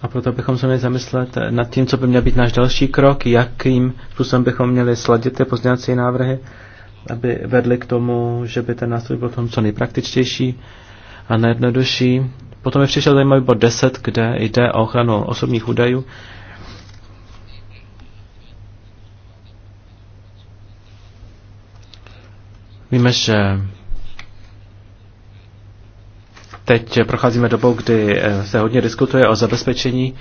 A proto bychom se měli zamyslet nad tím, co by měl být náš další krok, jakým způsobem bychom měli sladit ty pozdělací návrhy, aby vedli k tomu, že by ten nástroj byl tom co nejpraktičtější a nejjednodušší. Potom je přišel zajímavý bod 10, kde jde o ochranu osobních údajů. Víme, že teď procházíme dobou, kdy eh, se hodně diskutuje o zabezpečení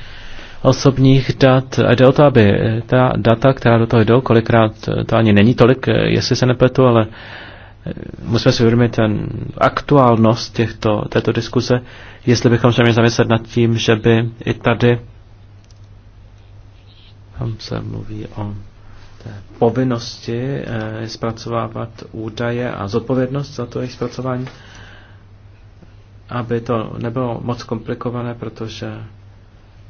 osobních dat. Jde o to, aby eh, ta data, která do toho jdou, kolikrát eh, to ani není tolik, jestli se nepletu, ale musíme si uvědomit ten aktuálnost těchto, této diskuze, jestli bychom se měli zamyslet nad tím, že by i tady tam se mluví o povinnosti eh, zpracovávat údaje a zodpovědnost za to jejich zpracování, aby to nebylo moc komplikované, protože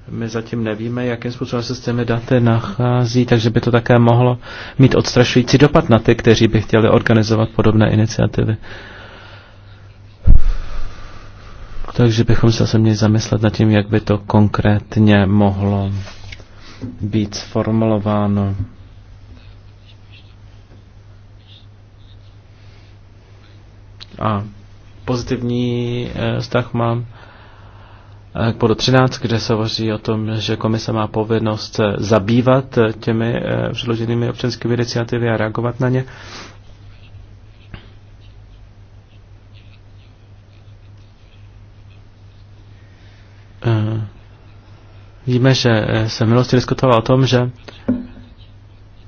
my zatím nevíme, jakým způsobem se s těmi daty nachází, takže by to také mohlo mít odstrašující dopad na ty, kteří by chtěli organizovat podobné iniciativy. Takže bychom se měli zamyslet nad tím, jak by to konkrétně mohlo být sformulováno. a pozitivní eh, vztah mám eh, k bodu 13, kde se hovoří o tom, že komise má povinnost zabývat eh, těmi předloženými občanskými iniciativy a reagovat na ně. Víme, že se minulosti diskutovalo o tom, že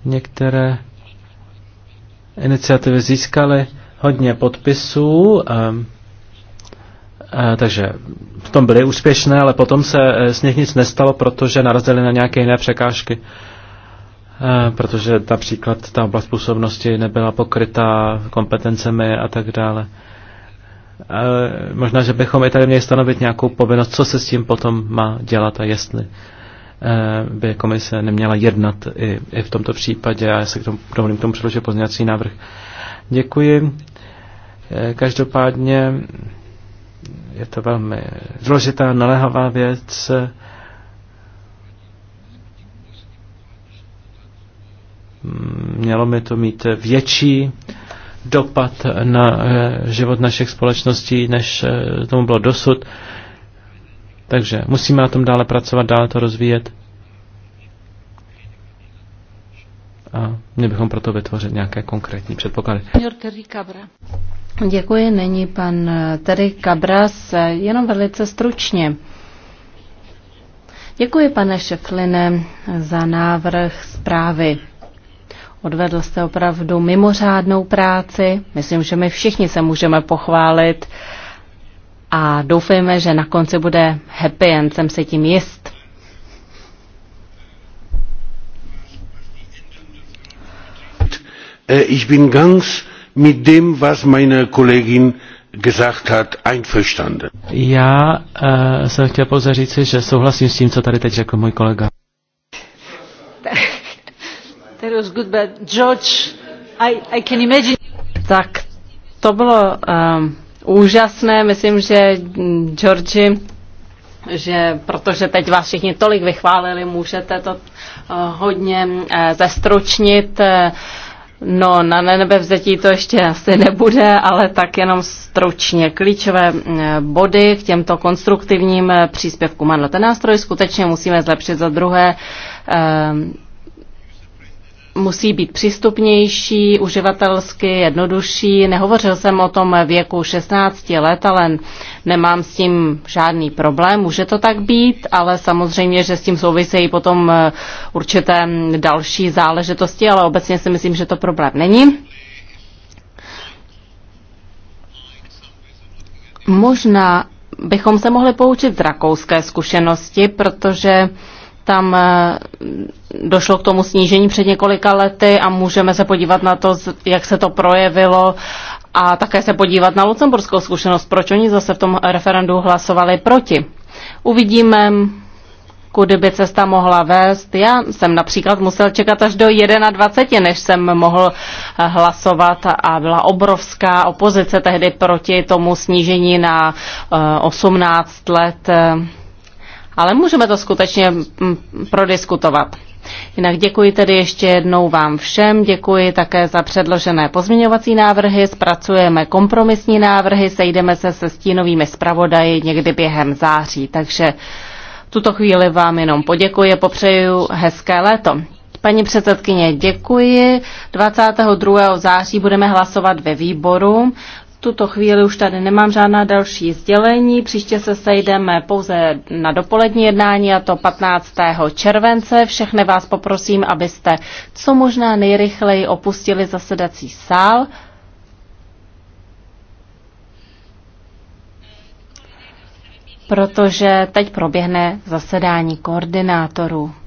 některé iniciativy získaly hodně podpisů, ehm, eh, takže v tom byly úspěšné, ale potom se s eh, nich nic nestalo, protože narazili na nějaké jiné překážky. Eh, protože například ta oblast působnosti nebyla pokryta kompetencemi a tak dále. Možná, že bychom i tady měli stanovit nějakou povinnost, co se s tím potom má dělat a jestli by komise neměla jednat i, i v tomto případě a já se k tomu, k tomu předložit pozměňovací návrh. Děkuji. Eh, každopádně je to velmi důležitá, naléhavá věc. Mm, mělo by to mít větší dopad na eh, život našich společností, než eh, tomu bylo dosud. Takže musíme na tom dále pracovat, dále to rozvíjet. a my bychom proto vytvořit nějaké konkrétní předpoklady. Děkuji, není pan eh, Terry Cabras, eh, jenom velice stručně. Děkuji, pane Šefline, za návrh zprávy. Odvedl jste opravdu mimořádnou práci. Myslím, že my všichni se můžeme pochválit a doufejme, že na konci bude happy end, jsem se tím jist. Äh, ich bin ganz mit dem, was meine Kollegin gesagt hat, einverstanden. Ja, uh, jsem chtěl pouze říci, že souhlasím s tím, co tady teď řekl můj kolega. That was good, but George, I, I can imagine... Tak to bylo um, úžasné, myslím, že Georgi, že protože teď vás všichni tolik vychválili, můžete to uh, hodně uh, zestručnit. Uh, No, na nebevzetí to ještě asi nebude, ale tak jenom stručně klíčové eh, body k těmto konstruktivním eh, příspěvkům. Ano, ten nástroj skutečně musíme zlepšit za druhé. Eh, musí být přístupnější, uživatelsky jednodušší. Nehovořil jsem o tom věku 16 let, ale nemám s tím žádný problém. Může to tak být, ale samozřejmě, že s tím souvisejí potom eh, určité další záležitosti, ale obecně si myslím, že to problém není. Možná bychom se mohli poučit z rakouské zkušenosti, protože tam eh, došlo k tomu snížení před několika lety a můžeme se podívat na to, jak se to projevilo a také se podívat na lucemburskou zkušenost, proč oni zase v tom referendu hlasovali proti. Uvidíme, kudy by cesta mohla vést. Já jsem například musel čekat až do 21, než jsem mohl eh, hlasovat a byla obrovská opozice tehdy proti tomu snížení na 18 eh, let ale můžeme to skutečně mm, prodiskutovat. Jinak děkuji tedy ještě jednou vám všem, děkuji také za předložené pozměňovací návrhy, zpracujeme kompromisní návrhy, sejdeme se se stínovými zpravodaji někdy během září, takže tuto chvíli vám jenom poděkuji a popřeju hezké léto. Paní předsedkyně, děkuji. 22. září budeme hlasovat ve výboru tuto chvíli už tady nemám žádná další sdělení. Příště se sejdeme pouze na dopolední jednání, a to 15. července. Všechny vás poprosím, abyste co možná nejrychleji opustili zasedací sál. protože teď proběhne zasedání koordinátorů.